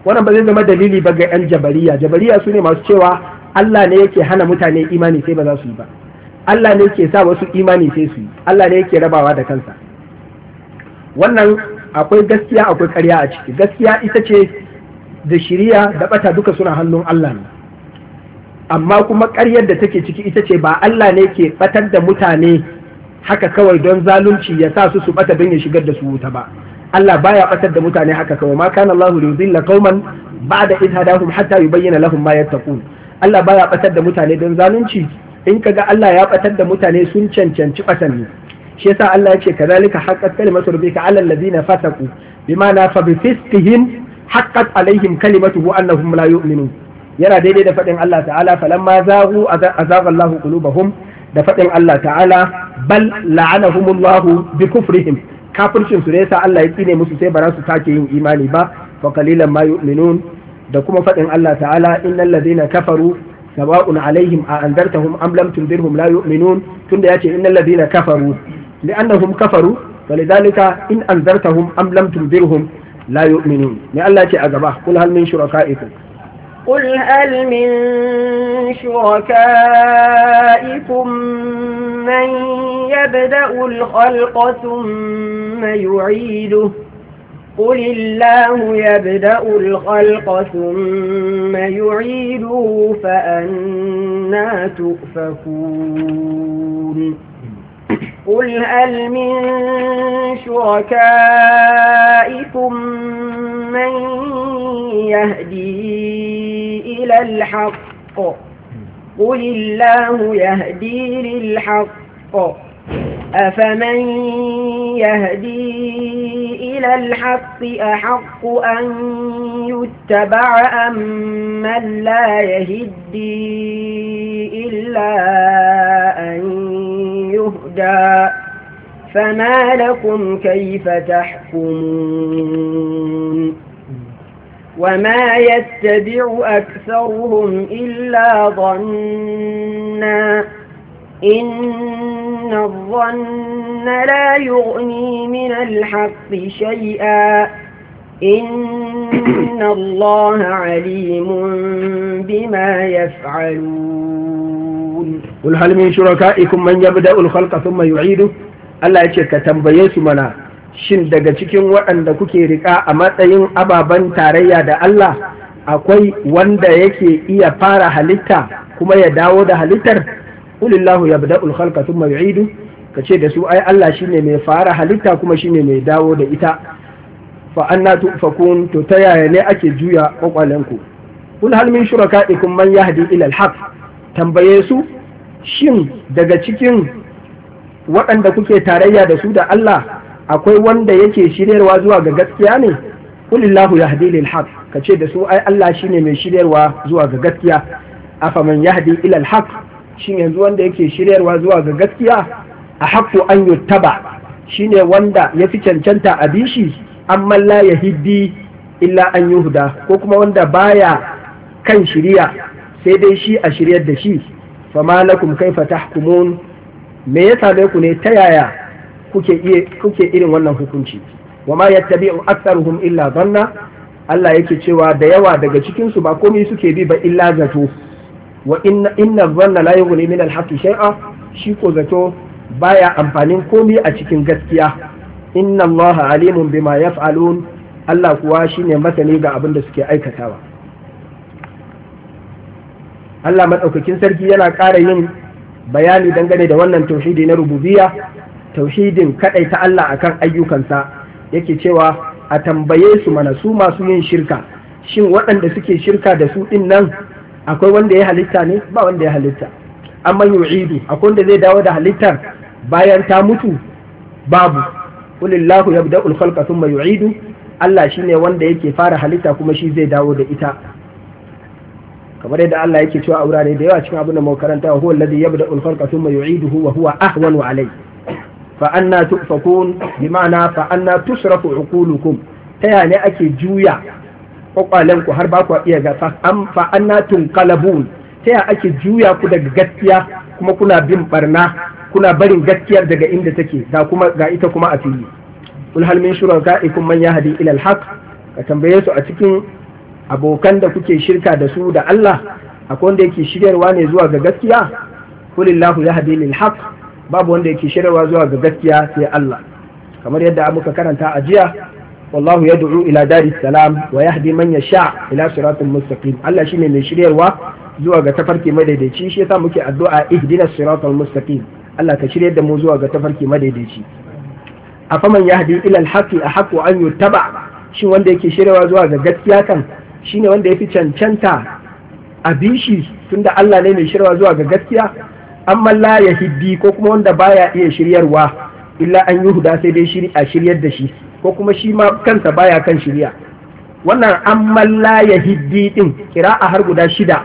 Speaker 1: wannan ba zai zama dalili ba ga yan jabariya jabariya su ne masu cewa Allah ne yake hana mutane imani sai ba za su yi ba Allah ne ke sa wasu imani sai su yi Allah ne yake rabawa da kansa wannan akwai gaskiya akwai karya a ciki gaskiya ita ce da shiriya da ɓata duka suna hannun Allah ne amma kuma karyar da take ciki ita ce ba Allah ne ke batar da mutane haka kawai don zalunci ya sa su su bata don ya shigar da su wuta ba Allah baya batar da mutane haka kawai ma kana Allahu yuzilla qauman ba'da da hadahum hatta yubayyana lahum ma yattaqun Allah baya batar da mutane don zalunci in kaga Allah ya batar da mutane sun cancanci batanni shi yasa Allah ya ce kazalika haqqat kalimatu rabbika 'ala alladhina fasaqu bima na fa bi fisqihim haqqat alaihim kalimatuhu annahum la yu'minun yana daidai da fadin Allah ta'ala falamma zahu azaga Allahu qulubahum da fadin Allah ta'ala bal la'anahumullahu bi kufrihim kafircin su yasa Allah ya tsine musu sai ba su take yin imani ba fa qalilan ma yu'minun da kuma fadin Allah ta'ala innal ladina kafaru سواء عليهم أأنذرتهم أم لم تنذرهم لا يؤمنون ثم يأتي إن الذين كفروا لأنهم كفروا فلذلك إن أنذرتهم أم لم تنذرهم لا يؤمنون لأن لا تأذبه قل هل من شركائكم
Speaker 2: قل هل من شركائكم من يبدأ الخلق ثم يعيده قل الله يبدأ الخلق ثم يعيده فأنا تؤفكون قل هل من شركائكم من يهدي إلى الحق قل الله يهدي للحق أفمن يهدي إلى الحق أحق أن يتبع أم من لا يهدي إلا أن يهدى فما لكم كيف تحكمون وما يتبع أكثرهم إلا ظنّا إن الظن لا يغني من الحق شيئا إن الله عليم بما يفعلون
Speaker 1: قل هل من شركائكم من يبدأ الخلق ثم يعيده Allah ya ce ka tambaye mana shin daga cikin waɗanda kuke riƙa a matsayin ababen tarayya da Allah akwai wanda yake iya fara halitta kuma ya dawo da halittar kulillahu yabda'ul khalqa thumma ka kace da su ai Allah shine mai fara halitta kuma shine mai dawo da ita fa anna tufakun to ta yaya ne ake juya kwakwalenku kul hal min shuraka'ikum man yahdi ila al-haq tambaye su shin daga cikin waɗanda kuke tarayya da su da Allah akwai wanda yake shiryarwa zuwa ga gaskiya ne kulillahu yahdi lil haq kace da su ai Allah shine mai shiryarwa zuwa ga gaskiya afaman yahdi ila al haq shin yanzu wanda yake shiryarwa zuwa ga gaskiya a haƙƙo an Shi ne wanda ya fi cancanta a bishi amma la ya hiddi illa an huda ko kuma wanda baya kan shirya sai dai shi a shiryar da shi fama kai kaifa tahkumun me ya same ku ne ta yaya kuke irin wannan hukunci wa ma yattabi'u aktharuhum illa dhanna Allah yake cewa da yawa daga cikinsu su ba komai suke bi ba illa zato wa inna inna dhanna la yughni min al shay'a shi ko zato baya amfanin komi a cikin gaskiya inna Allah alimun bima yaf'alun Allah kuwa shine masani ga abin da suke aikatawa Allah madaukakin sarki yana ƙara yin bayani dangane da wannan tauhidi na rububiyya tauhidin ta Allah akan ayyukansa yake cewa a tambaye su mana su masu yin shirka shin waɗanda suke shirka da su ɗin nan akwai wanda ya halitta ne ba wanda ya halitta amma yu'idu akwai wanda zai dawo da halittar bayan ta mutu babu kulillahu yabda'ul khalqa thumma yu'idu Allah shine wanda yake fara halitta kuma shi zai dawo da ita kamar yadda Allah yake cewa a wurare da yawa cikin abin da mu karanta wa huwa alladhi yabda'ul khalqa thumma yu'iduhu wa huwa ahwanu alai. fa anna tufakun bi ma'ana fa anna tusrafu uqulukum ta yaya ne ake juya kwakwalen ku har ba ku iya gasa an fa ta ya ake juya ku daga gaskiya kuma kuna bin barna kuna barin gaskiyar daga inda take ga kuma ga ita kuma a fili kul hal min shuraka'ikum man yahdi ila alhaq ka tambaye su a cikin abokan da kuke shirka da su da Allah akwai wanda yake shiryarwa ne zuwa ga gaskiya kulillahu yahdi lil haq babu wanda yake shiryarwa zuwa ga gaskiya sai Allah kamar yadda muka karanta a jiya wallahu du'u ila daris salam wa yahdi manya sha. ila siratin mustaqim Allah shine mai shiryarwa zuwa ga tafarki madaidaici shi yasa muke addu'a ihdinas siratal mustaqim Allah ka shiryar da mu zuwa ga tafarki madaidaici afaman yahdi ila alhaqi ahqqu an yuttaba shin wanda yake shiryarwa zuwa ga gaskiya kan shine wanda yafi cancanta a bishi tunda Allah ne mai shiryarwa zuwa ga gaskiya amma la yahdi ko kuma wanda baya iya shiryarwa illa an yuhda sai dai shiri a shiryar da shi ko kuma shi ma kansa baya kan shirya wannan amman la yahdi din kira'a har guda shida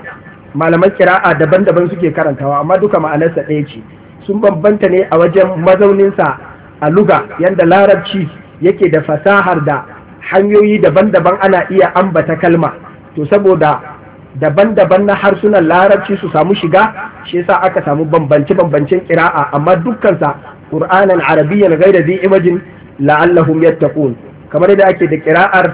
Speaker 1: malaman kira'a daban-daban suke karantawa amma duka ma'anarsa ɗaya ce sun bambanta ne a wajen mazauninsa a luga yadda larabci yake da fasahar da hanyoyi daban-daban ana iya ambata kalma to saboda daban-daban na harsunan larabci su samu shiga shi yasa aka samu bambance-bambancen kira'a amma dukkansa qur'anan arabiyyan ghaira zai imajin la'allahum yattaqun kamar yadda ake da kira'ar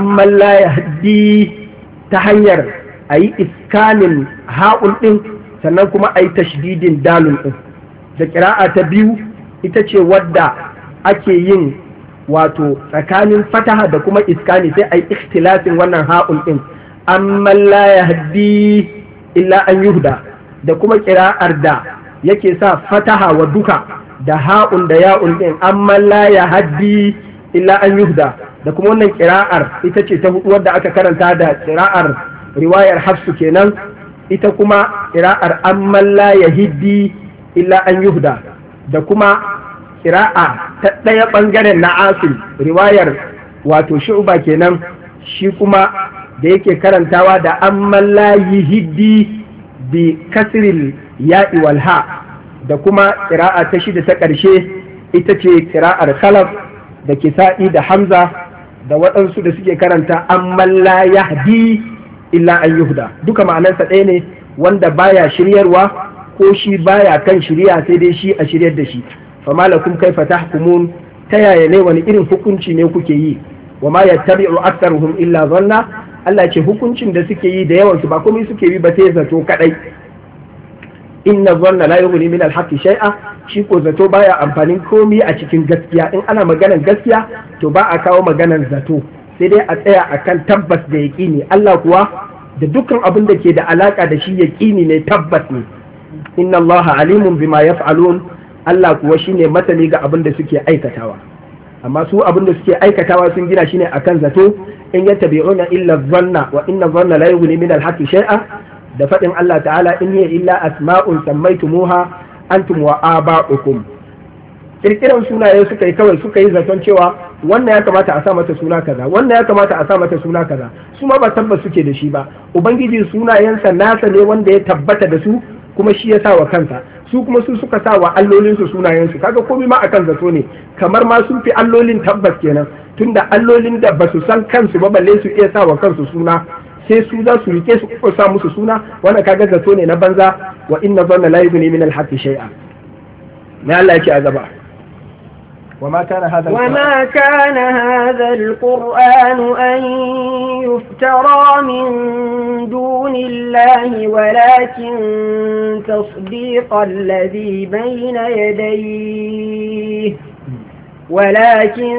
Speaker 1: malla la yahdi ta hanyar ayi iskanin ha'ul ɗin sannan kuma ayi tashdidin dalun ɗin. da kira'a ta biyu ita ce wadda ake yin wato tsakanin fataha da kuma iskani sai a yi ikhtilafin wannan ha'ul ɗin. malla la yahdi illa an yuhda da kuma kira'ar da yake sa fataha wa duka da ha'un da ya'un din amma la ya haddi illa an yuhda da kuma wannan kira'ar ita ce ta hudu wadda aka karanta da kira'ar riwayar hafsu kenan ita kuma kira'ar amma la ya hiddi illa an yuhda da kuma kira'a ta ɗaya ɓangaren na asil riwayar wato shu'ba kenan shi kuma da yake karantawa da amma la yi hiddi bi kasril ya'i wal ha da kuma ƙira'a ta shida ta ƙarshe ita ce ƙira'ar salaf da kisa'i da hamza da waɗansu da suke karanta amman la illa an huda. duka ma'anarsa ɗaya ne wanda baya shiryarwa ko shi baya kan shirya sai dai shi a shiryar da shi fama kai kaifa tahkumun ta yaya ne wani irin hukunci ne kuke yi wa ma yattabi'u aktharuhum illa zanna Allah ce hukuncin da suke yi da yawansu su ba komai suke bi ba sai zato kadai inna zanna la yughni min al-haqqi shay'a shi ko zato baya amfanin komi a cikin gaskiya in ana maganar gaskiya to ba a kawo maganar zato sai dai a tsaya akan tabbas da yaqini Allah kuwa da dukkan abin da ke da alaka da shi yaqini ne tabbas ne inna Allah alimun bima yaf'alun Allah kuwa shine masani ga abin da suke aikatawa amma su abin da suke aikatawa sun gina shine akan zato in yattabi'una illa zanna wa inna zanna la yughni min al-haqqi da faɗin Allah ta'ala in hiya illa asma'un sammaitumuha antum wa aba'ukum kirkiran sunaye suka yi kawai suka yi zaton cewa wannan ya kamata a sa mata suna kaza wannan ya kamata a sa mata suna kaza su ma ba tabbas suke da shi ba ubangiji sunayensa nasa ne wanda ya tabbata da su kuma shi ya sa wa kansa su kuma su suka sa wa allolinsu sunayensu kaga komai ma akan zato ne kamar ma sun fi allolin tabbas kenan tunda allolin da basu san kansu ba balle su iya sa wa kansu suna sai su za su rike su ko sa musu suna wannan kaga zato ne na banza wa inna zanna la yuzni min alhaqi shay'a me Allah yake azaba وما كان هذا القرآن وما
Speaker 2: كان هذا القرآن أن يفترى من دون الله ولكن تصديق الذي بين يديه ولكن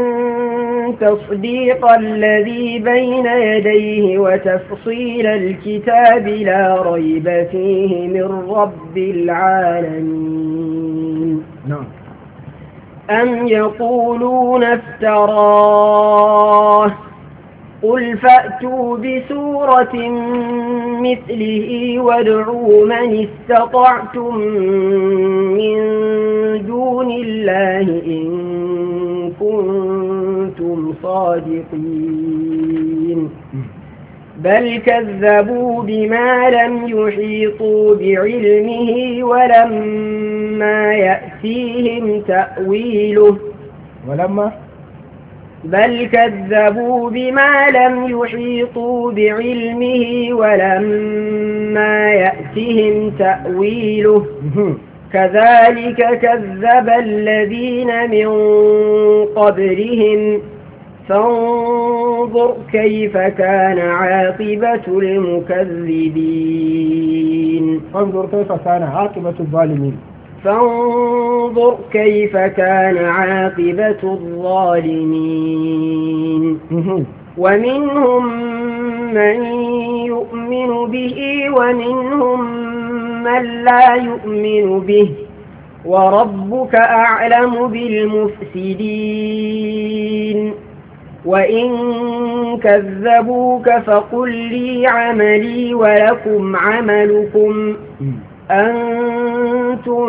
Speaker 2: تصديق الذي بين يديه وتفصيل الكتاب لا ريب فيه من رب العالمين نعم أم يقولون افتراه قل فأتوا بسورة مثله وادعوا من استطعتم من دون الله إن كنتم صادقين بل كذبوا بما لم يحيطوا بعلمه ولما يأتيهم تأويله ولما بل كذبوا بما لم يحيطوا بعلمه ولما يأتهم تأويله كذلك كذب الذين من قبلهم فانظر كيف كان عاقبة المكذبين فانظر كيف كان عاقبة الظالمين فانظر كيف كان عاقبة الظالمين ومنهم من يؤمن به ومنهم من لا يؤمن به وربك أعلم بالمفسدين وإن كذبوك فقل لي عملي ولكم عملكم أنتم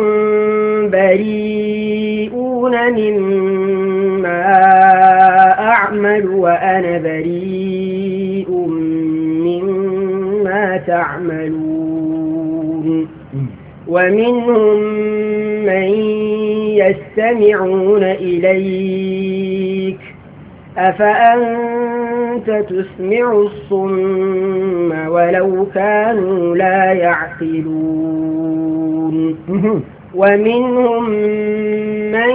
Speaker 2: بريئون مما أعمل وأنا بريء مما تعملون ومنهم من يستمعون إليه أفأنت تسمع الصم ولو كانوا لا يعقلون ومنهم من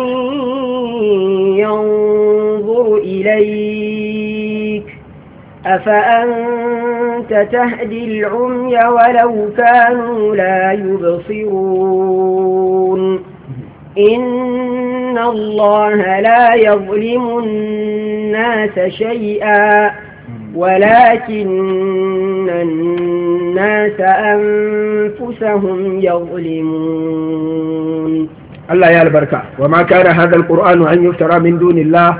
Speaker 2: ينظر إليك أفأنت تهدي العمي ولو كانوا لا يبصرون إن الله لا يظلم الناس شيئا ولكن الناس أنفسهم
Speaker 1: يظلمون الله يا البركة وما كان هذا القرآن أن يفترى من دون الله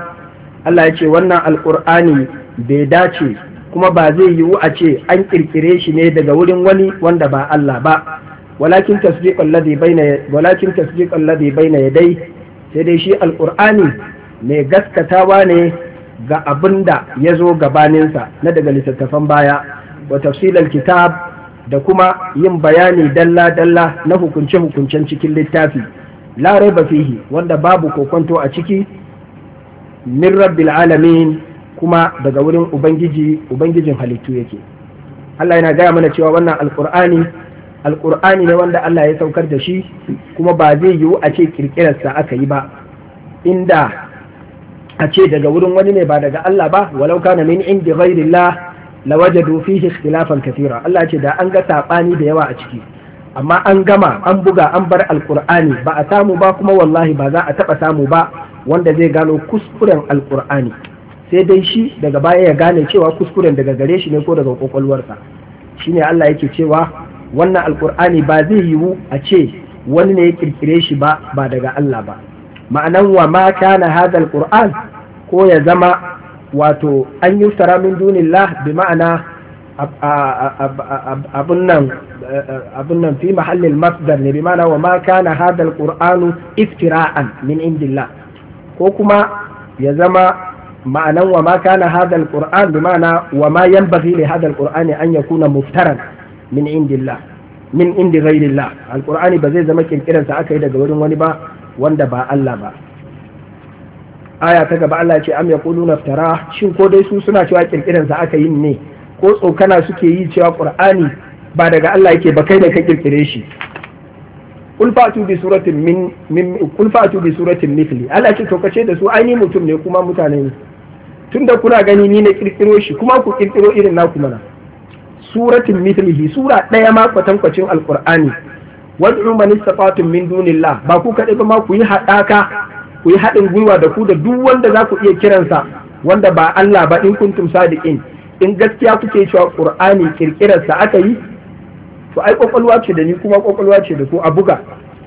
Speaker 1: الله يقول وانا القرآن بيداتي kuma ba zai yiwu a ce an kirkire shi ne daga wurin wani wanda ba Allah ba walakin tasdiqan ladhi bayna walakin tasdiqan ladhi sai dai shi alqur'ani mai gaskatawa ne ga abinda ya zo gabaninsa na daga littattafan baya wa tafsilal kitab da kuma yin bayani dalla dalla na hukunce hukuncen cikin littafi la raiba wanda babu kokonto a ciki min rabbil alamin kuma daga wurin ubangiji ubangijin halittu yake Allah yana gaya mana cewa wannan alqur'ani alƙur'ani ne wanda Allah ya saukar da shi kuma ba zai yiwu a ce ƙirƙirarsa aka yi ba inda a ce daga wurin wani ne ba daga Allah ba walau kana min indi ghairillah lawajadu fihi ikhtilafan kathira Allah ce da an ga sabani da yawa a ciki amma an gama an buga an bar alqur'ani ba a samu ba kuma wallahi ba za a taba samu ba wanda zai gano kuskuren alqur'ani sai dai shi daga baya ya gane cewa kuskuren daga gare shi ne ko daga kwakwalwarsa shine Allah yake cewa wannan alkur'ani ba zai yiwu a ce wani ne ya kirkire shi ba ba daga Allah ba ma'anan wa ma kana hadha alquran ko ya zama wato an yi tara min dunillah bi ma'ana abun nan abun nan fi mahallin masdar ne bi ma'ana wa ma kana hadha alquranu iftira'an min indillah ko kuma ya zama ma'anan wa ma kana hadha alquran bi ma'ana wa ma yanbaghi li hadha alqurani an yakuna muftaran min indillah min indi ghairillah alqur'ani ba zai zama kirkiran sa aka yi daga wurin wani ba wanda ba Allah ba aya ta gaba Allah ce am yaquluna iftara shin ko dai su suna cewa kirkiran sa aka yi ne ko tsokana suke yi cewa qur'ani ba daga Allah yake ba kai ne ka kirkire shi kul fatu bi suratin min min kul fatu bi suratin mithli Allah ce to kace da su ai mutum ne kuma mutane ne tunda kuna gani ni ne kirkiro shi kuma ku kirkiro irin naku mana suratin mithlihi sura ɗaya ma kwatankwacin alqur'ani wad'u man istata'tum min dunillah ba ku kaɗai ba ma ku yi haɗaka ku yi haɗin gwiwa da ku da duk wanda za ku iya kiransa wanda ba Allah ba in kuntum sadiqin in gaskiya kuke cewa qur'ani sa aka yi to ai kokolwa ce da ni kuma kwakwalwa ce da ku a buga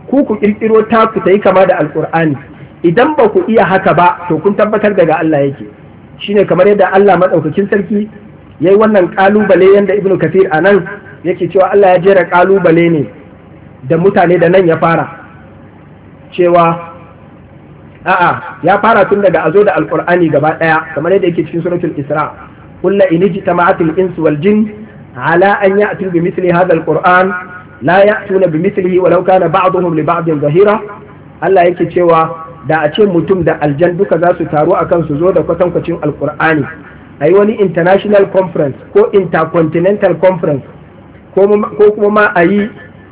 Speaker 1: ku ku kirkiro ta ku ta kama da alqur'ani idan ba ku iya haka ba to kun tabbatar daga Allah yake shine kamar yadda Allah madaukakin sarki yayi wannan kalubale yanda ibnu kathir anan yake cewa Allah ya jera kalubale ne da mutane da nan ya fara cewa a'a ya fara tun daga azo da alqur'ani gaba daya kamar yadda yake cikin suratul isra kullu inijtama'atil insu wal jin ala an ya'tu bi mithli hadha alqur'an la ya'tuna bi mithlihi walau kana ba'dhum li ba'din zahira Allah yake cewa da a ce mutum da aljan duka za su taru akan su zo da kwatankwacin alqur'ani a yi wani international conference ko intercontinental conference ko kuma ma a yi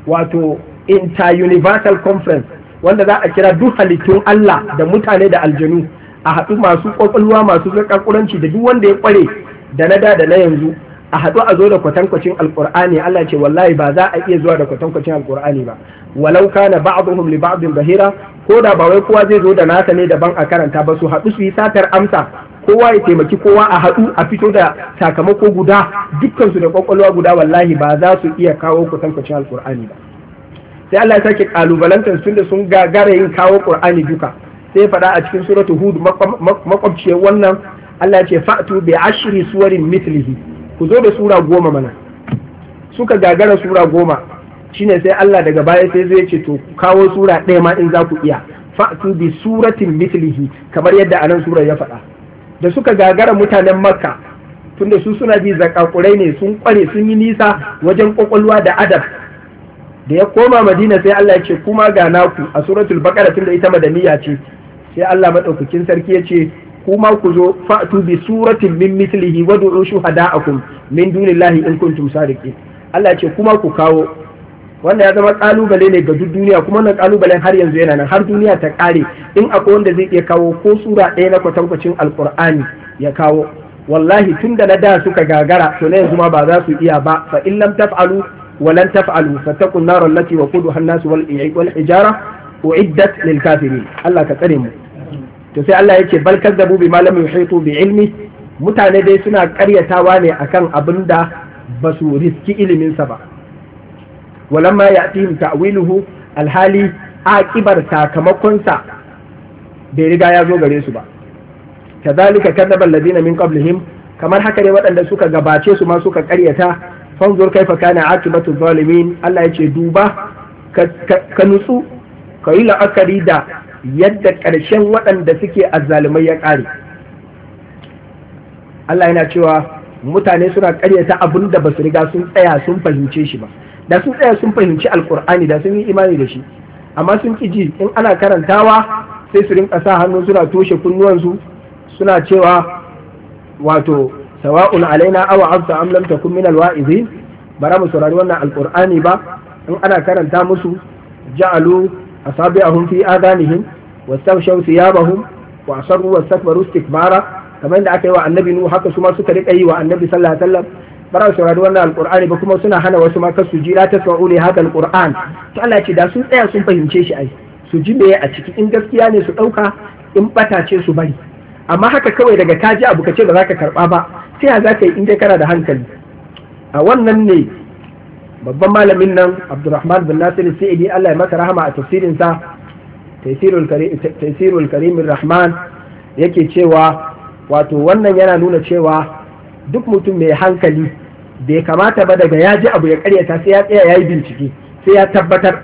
Speaker 1: wato inter-universal conference wanda za a kira duk halittun Allah da mutane da aljanu a haɗu masu ƙwaƙwalwa masu zakakuranci da duk wanda ya ƙware da na da da na yanzu a haɗu a zo da kwatankwacin alƙur'ani Allah ce wallahi ba za a iya zuwa da kwatankwacin alƙur'ani ba walau kana ba'dhum li ba'dhin bahira ko da ba wai kowa zai zo da nasa ne daban a karanta ba su haɗu su yi satar amsa kowa ya taimaki kowa a haɗu a fito da sakamako guda dukkansu da kwakwalwa guda wallahi ba za su iya kawo kusankwacin alkur'ani ba sai Allah ya sake kalubalantar sun da sun gagara yin kawo qur'ani duka sai faɗa a cikin suratu hud makwabciyar wannan Allah ya ce fa'tu bi ashri suwarin mithlihi ku zo da sura goma mana suka gagara sura goma shine sai Allah daga baya sai zai ce to kawo sura ɗaya ma in za ku iya fa'tu bi suratin mithlihi kamar yadda anan surar ya faɗa da suka gagara mutanen makka tunda su suna bi zakakurai ne sun kware sun yi nisa wajen ƙwaƙwalwa da adab da ya koma madina sai Allah ya ce kuma ga naku a suratul tun tunda ita madaniya ce sai Allah maɗaukakin sarki ya ce kuma ku zo fa'tu bi suratin min mislihi wad'u shuhada'akum min dunillahi in kuntum sadiqin Allah ce kuma ku kawo wanda ya zama kalubale ne ga duk duniya kuma wannan kalubale har yanzu yana nan har duniya ta kare in akwai wanda zai iya kawo ko sura ɗaya na kwatankwacin alkur'ani ya kawo wallahi tun da na da suka gagara to na yanzu ma ba za su iya ba fa in lam taf'alu wa lan taf'alu fattaqun nar allati waquduha an-nas wal hijara uiddat lil kafirin Allah ka tsare mu to sai Allah yake bal kazzabu bima lam yuhitu bi ilmi mutane dai suna karyatawa ne akan abinda da basu riski ilimin sa ba walamma ya'tihim ta'wiluhu alhali haƙibar sakamakonsa bai riga ya zo gare su ba kadhalika kadaba alladhina min qablihim kamar haka ne waɗanda suka gabace su ma suka ƙaryata fanzur kaifa kana aqibatu zalimin Allah ya duba ka nutsu ka yi la'akari da yadda ƙarshen waɗanda suke azzalumai ya ƙare Allah yana cewa mutane suna ƙaryata abin da ba su riga sun tsaya sun fahimce shi ba da sun tsaya sun fahimci alkur'ani da sun yi imani da shi amma sun ki ji in ana karantawa sai su rinka sa hannu suna toshe kunnuwansu suna cewa wato sawa'un alaina awa afta am lam takun min alwa'izin bara mu saurari wannan alkur'ani ba in ana karanta musu ja'alu asabi'ahum fi adanihim wastabshaw thiyabahum wa asarru wastakbaru istikbara kamar da aka yi wa annabi nuhu haka su ma suka rika yi wa annabi sallallahu alaihi wasallam ba za su saurari wannan alqur'ani ba kuma suna hana wasu ma kasu ji la tasma'u li haka alqur'an to Allah ce da sun tsaya sun fahimce shi ai su ji me a ciki in gaskiya ne su dauka in bata ce su bari amma haka kawai daga kaji abu kace ba za ka karba ba sai ya ka yi in kai kana da hankali a wannan ne babban malamin nan Abdulrahman bin Nasir Sa'idi Allah ya masa rahama a tafsirin sa Tafsirul Karim Rahman yake cewa wato wannan yana nuna cewa duk mutum mai hankali bai kamata ba daga ya ji abu ya karyata sai ya tsaya ya yi bincike sai ya tabbatar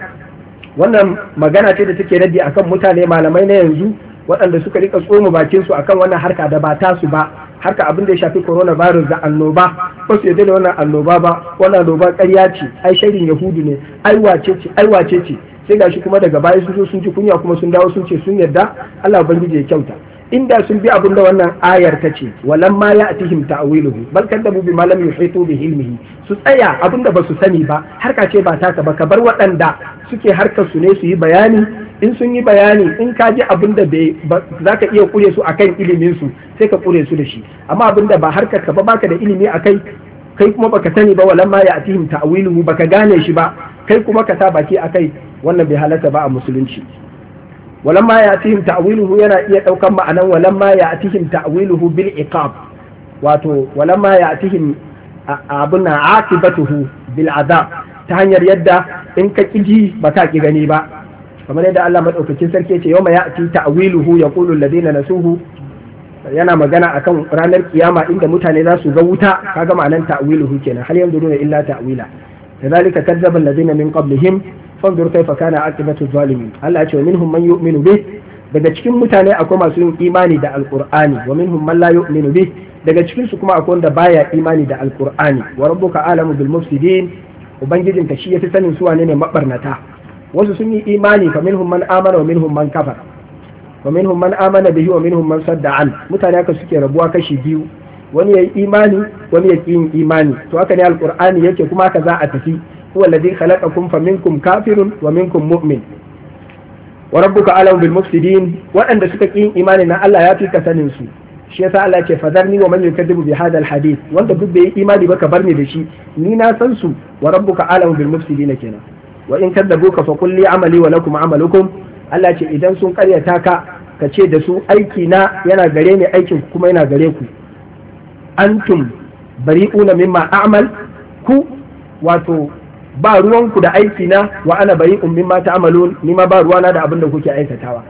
Speaker 1: wannan magana ce da take raddi akan mutane malamai na yanzu waɗanda suka rika tsoma bakin su akan wannan harka da ba ta su ba harka abin da ya shafi coronavirus da annoba ba su yadda da wannan annoba ba wannan annoba ƙarya ce ai shirin yahudu ne ai wace ce ai wace ce sai gashi kuma daga baya sun zo ji kunya kuma sun dawo sun ce sun yarda Allah ubangiji ya kyauta inda sun bi abin da wannan ayar ta ce walan ma ya atihim ta'wiluhu bal kadabu bi lam yuhitu bi ilmihi su tsaya abin da basu sani ba harka ce ba taka ba ka bar waɗanda suke harkar su ne su yi bayani in sun yi bayani in ka ji abin da za ka iya kure su akan ilimin su sai ka kure su da shi amma abin da ba harkar ka ba baka da ilimi akai kai kuma baka sani ba walan ma ya atihim ta'wiluhu baka gane shi ba kai kuma ka sa baki akai wannan bai halatta ba a musulunci walamma ya'tihim ta'wiluhu yana iya daukan ma'anan walamma ya'tihim ta'wiluhu bil iqab wato walamma ya'tihim abuna akibatuhu bil adab ta hanyar yadda in ka ji ba ka ki gani ba kamar yadda Allah madaukakin sarki ce yawma ya'ti ta'wiluhu yaqulu alladhina nasuhu yana magana akan ranar kiyama inda mutane za su ga wuta kaga ma'anan ta'wiluhu kenan hal yanzuruna illa ta'wila kadhalika kadzdzaba alladhina min qablihim fanzur kaifa kana aqibatu zalimin Allah ya ce minhum man yu'minu bih daga cikin mutane akwai masu yin imani da alqur'ani wa minhum man la yu'minu bih daga cikin su kuma akwai wanda baya imani da alqur'ani wa rabbuka alamu bil mufsidin ubangijin ka shi yafi sanin su wane ne mabarnata wasu sun yi imani fa minhum man amana wa minhum man kafara wa minhum man amana bihi wa minhum man sadda an mutane aka suke rabuwa kashi biyu wani yayi imani wani ya yin imani to haka ne alqur'ani yake kuma haka za a tafi huwa alladhi khalaqakum faminkum kafirun wa minkum mu'min wa rabbuka alam bil mufsidin waɗanda suka ƙi imani na Allah ya fi ka sanin su shi yasa Allah ce fadarni wa man yukadibu bi hadha al wanda duk bai imani ba ka bar ni da shi ni na san su wa rabbuka alam bil mufsidin kenan wa in kadabuka fa qul li amali wa lakum amalukum Allah ce idan sun karyata ka ka ce da su aiki na yana gare ni aikin kuma yana gare ku antum bari'una mimma a'mal ku wato ba ruwanku da aiki na wa ana bayin ummin ma ta'malun ni ma ba ruwana da abin da kuke aikatawa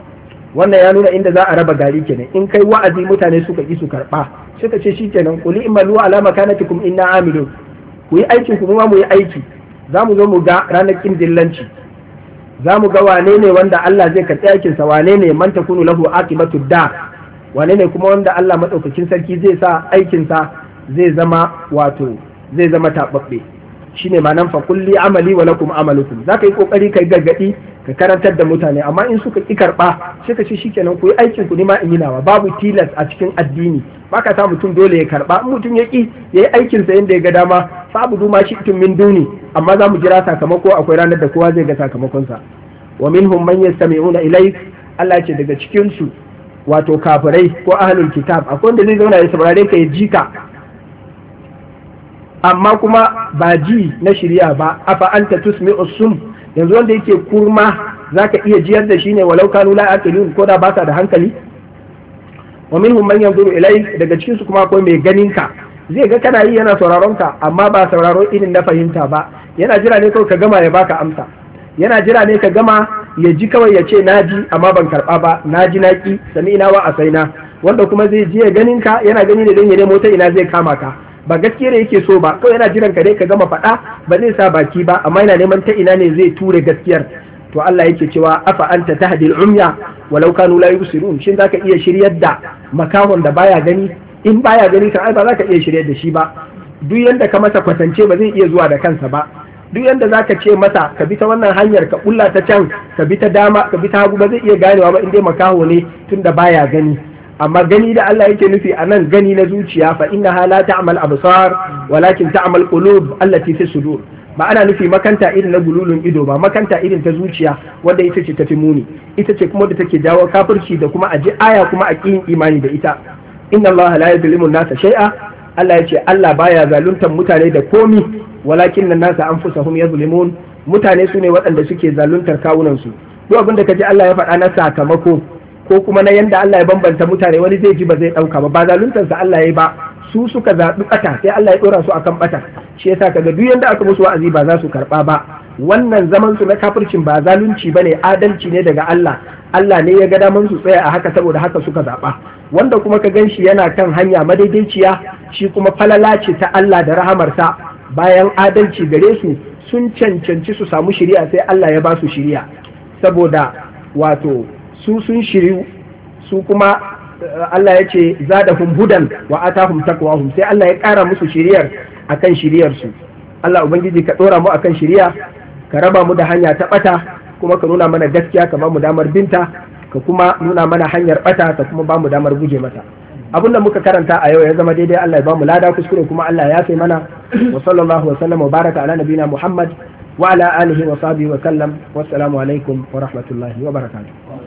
Speaker 1: wannan ya nuna inda za a raba gari kenan in kai wa'azi mutane suka ki su karba suka ce shi shikenan qul imalu ala makanatikum inna amilun ku yi aikin ku kuma mu yi aiki za mu zo mu ga ranar kin dillanci za mu ga wane ne wanda Allah zai karɓi aikin sa wane ne man takunu lahu aqibatu da wane ne kuma wanda Allah madaukakin sarki zai sa aikin sa zai zama wato zai zama tababbe shine ma'anan fa kulli amali wa lakum amalukum zaka yi kokari kai gargadi ka karantar da mutane amma in suka ki karɓa, suka ka ce shikenan ku yi aikin ku nima in yi nawa babu tilas a cikin addini baka sa mutum dole ya karba in mutum ya ki yayi aikin sa yadda ya ga dama fa abudu ma shi min duni amma za mu jira sakamako akwai ranar da kowa zai ga sakamakon sa wa minhum man yastami'una ilayk Allah ce daga cikin su wato kafirai ko ahlul kitab akwai wanda zai zauna ya saurare ka ya ji ka amma kuma ba ji na shirya ba afa anta tusmi usum yanzu wanda yake kurma zaka iya jiyar da shi ne walau kanu la ko da ba da hankali wa minhum man yanzuru ilai daga cikin kuma akwai mai ganin ka zai ga kana yi yana sauraron ka amma ba sauraro irin na fahimta ba yana jira ne kawai ka gama ya baka amsa yana jira ne ka gama ya ji kawai ya ce na ji, amma ban karba ba na ji na naki sami ina wa sai na, wanda kuma zai je ganin ka yana gani ne don ya nemo ta ina zai kama ka ba gaskiya ne yake so ba kawai yana jiran ka dai ka gama faɗa ba zai sa baki ba amma yana neman ta ina ne zai ture gaskiyar to Allah yake cewa afa anta tahdi al-umya walau kanu la yusirun shin zaka iya shiryar da makahon da baya gani in baya gani ka ai ba zaka iya shiryar da shi ba duk yanda ka masa kwatance ba zai iya zuwa da kansa ba duk yanda zaka ce masa ka bi ta wannan hanyar ka bulla ta can ka bi ta dama ka bi ta hagu ba zai iya ganewa ba in dai makaho ne tunda baya gani amma gani da Allah yake nufi a nan gani na zuciya fa inna la ta'mal absar walakin ta'mal qulub allati fi sudur ba ana nufi makanta irin na gululun ido ba makanta irin ta zuciya wanda ita ce tafi muni ita ce kuma da take jawo kafirci da kuma aji aya kuma a kin imani da ita inna Allah la yuzlimu nasa shay'a Allah ya ce Allah baya zaluntar mutane da komi walakin nan nasa anfusahum yazlimun mutane su ne waɗanda suke zaluntar kawunan su duk abin da kaji Allah ya faɗa na sakamako ko kuma na yanda Allah ya bambanta mutane wani zai ji ba zai ɗauka ba ba zaluntar sa Allah ya yi ba su suka zaɓi ɓata sai Allah ya ɗora su akan ɓata shi ka ga duk yanda aka musu wa'azi ba za su karɓa ba wannan zaman su na kafircin ba zalunci bane adalci ne daga Allah Allah ne ya ga daman su tsaya a haka saboda haka suka zaɓa wanda kuma ka ganshi yana kan hanya madaidaiciya shi kuma falala ce ta Allah da rahamarsa bayan adalci gare su sun cancanci su samu shiriya sai Allah ya ba su shiriya saboda wato su sun shiryu su kuma eh, Allah ya ce zadahum hudan wa atahum taqwahum sai Allah ya ƙara musu shiriyar akan kan shiriyarsu. Allah ubangiji ka ɗora mu akan shiriya ka raba mu da hanya ta ɓata kuma ka nuna mana gaskiya ka ba mu damar binta ka kuma nuna mana hanyar ɓata ka kuma ba mu damar guje mata abin da muka karanta a yau ya zama daidai Allah ya ba mu lada kuskure kuma Allah ya sai mana wa sallallahu wa sallam wa baraka ala nabina Muhammad wa ala alihi wa sahbihi wa sallam alaikum wa rahmatullahi wa barakatuh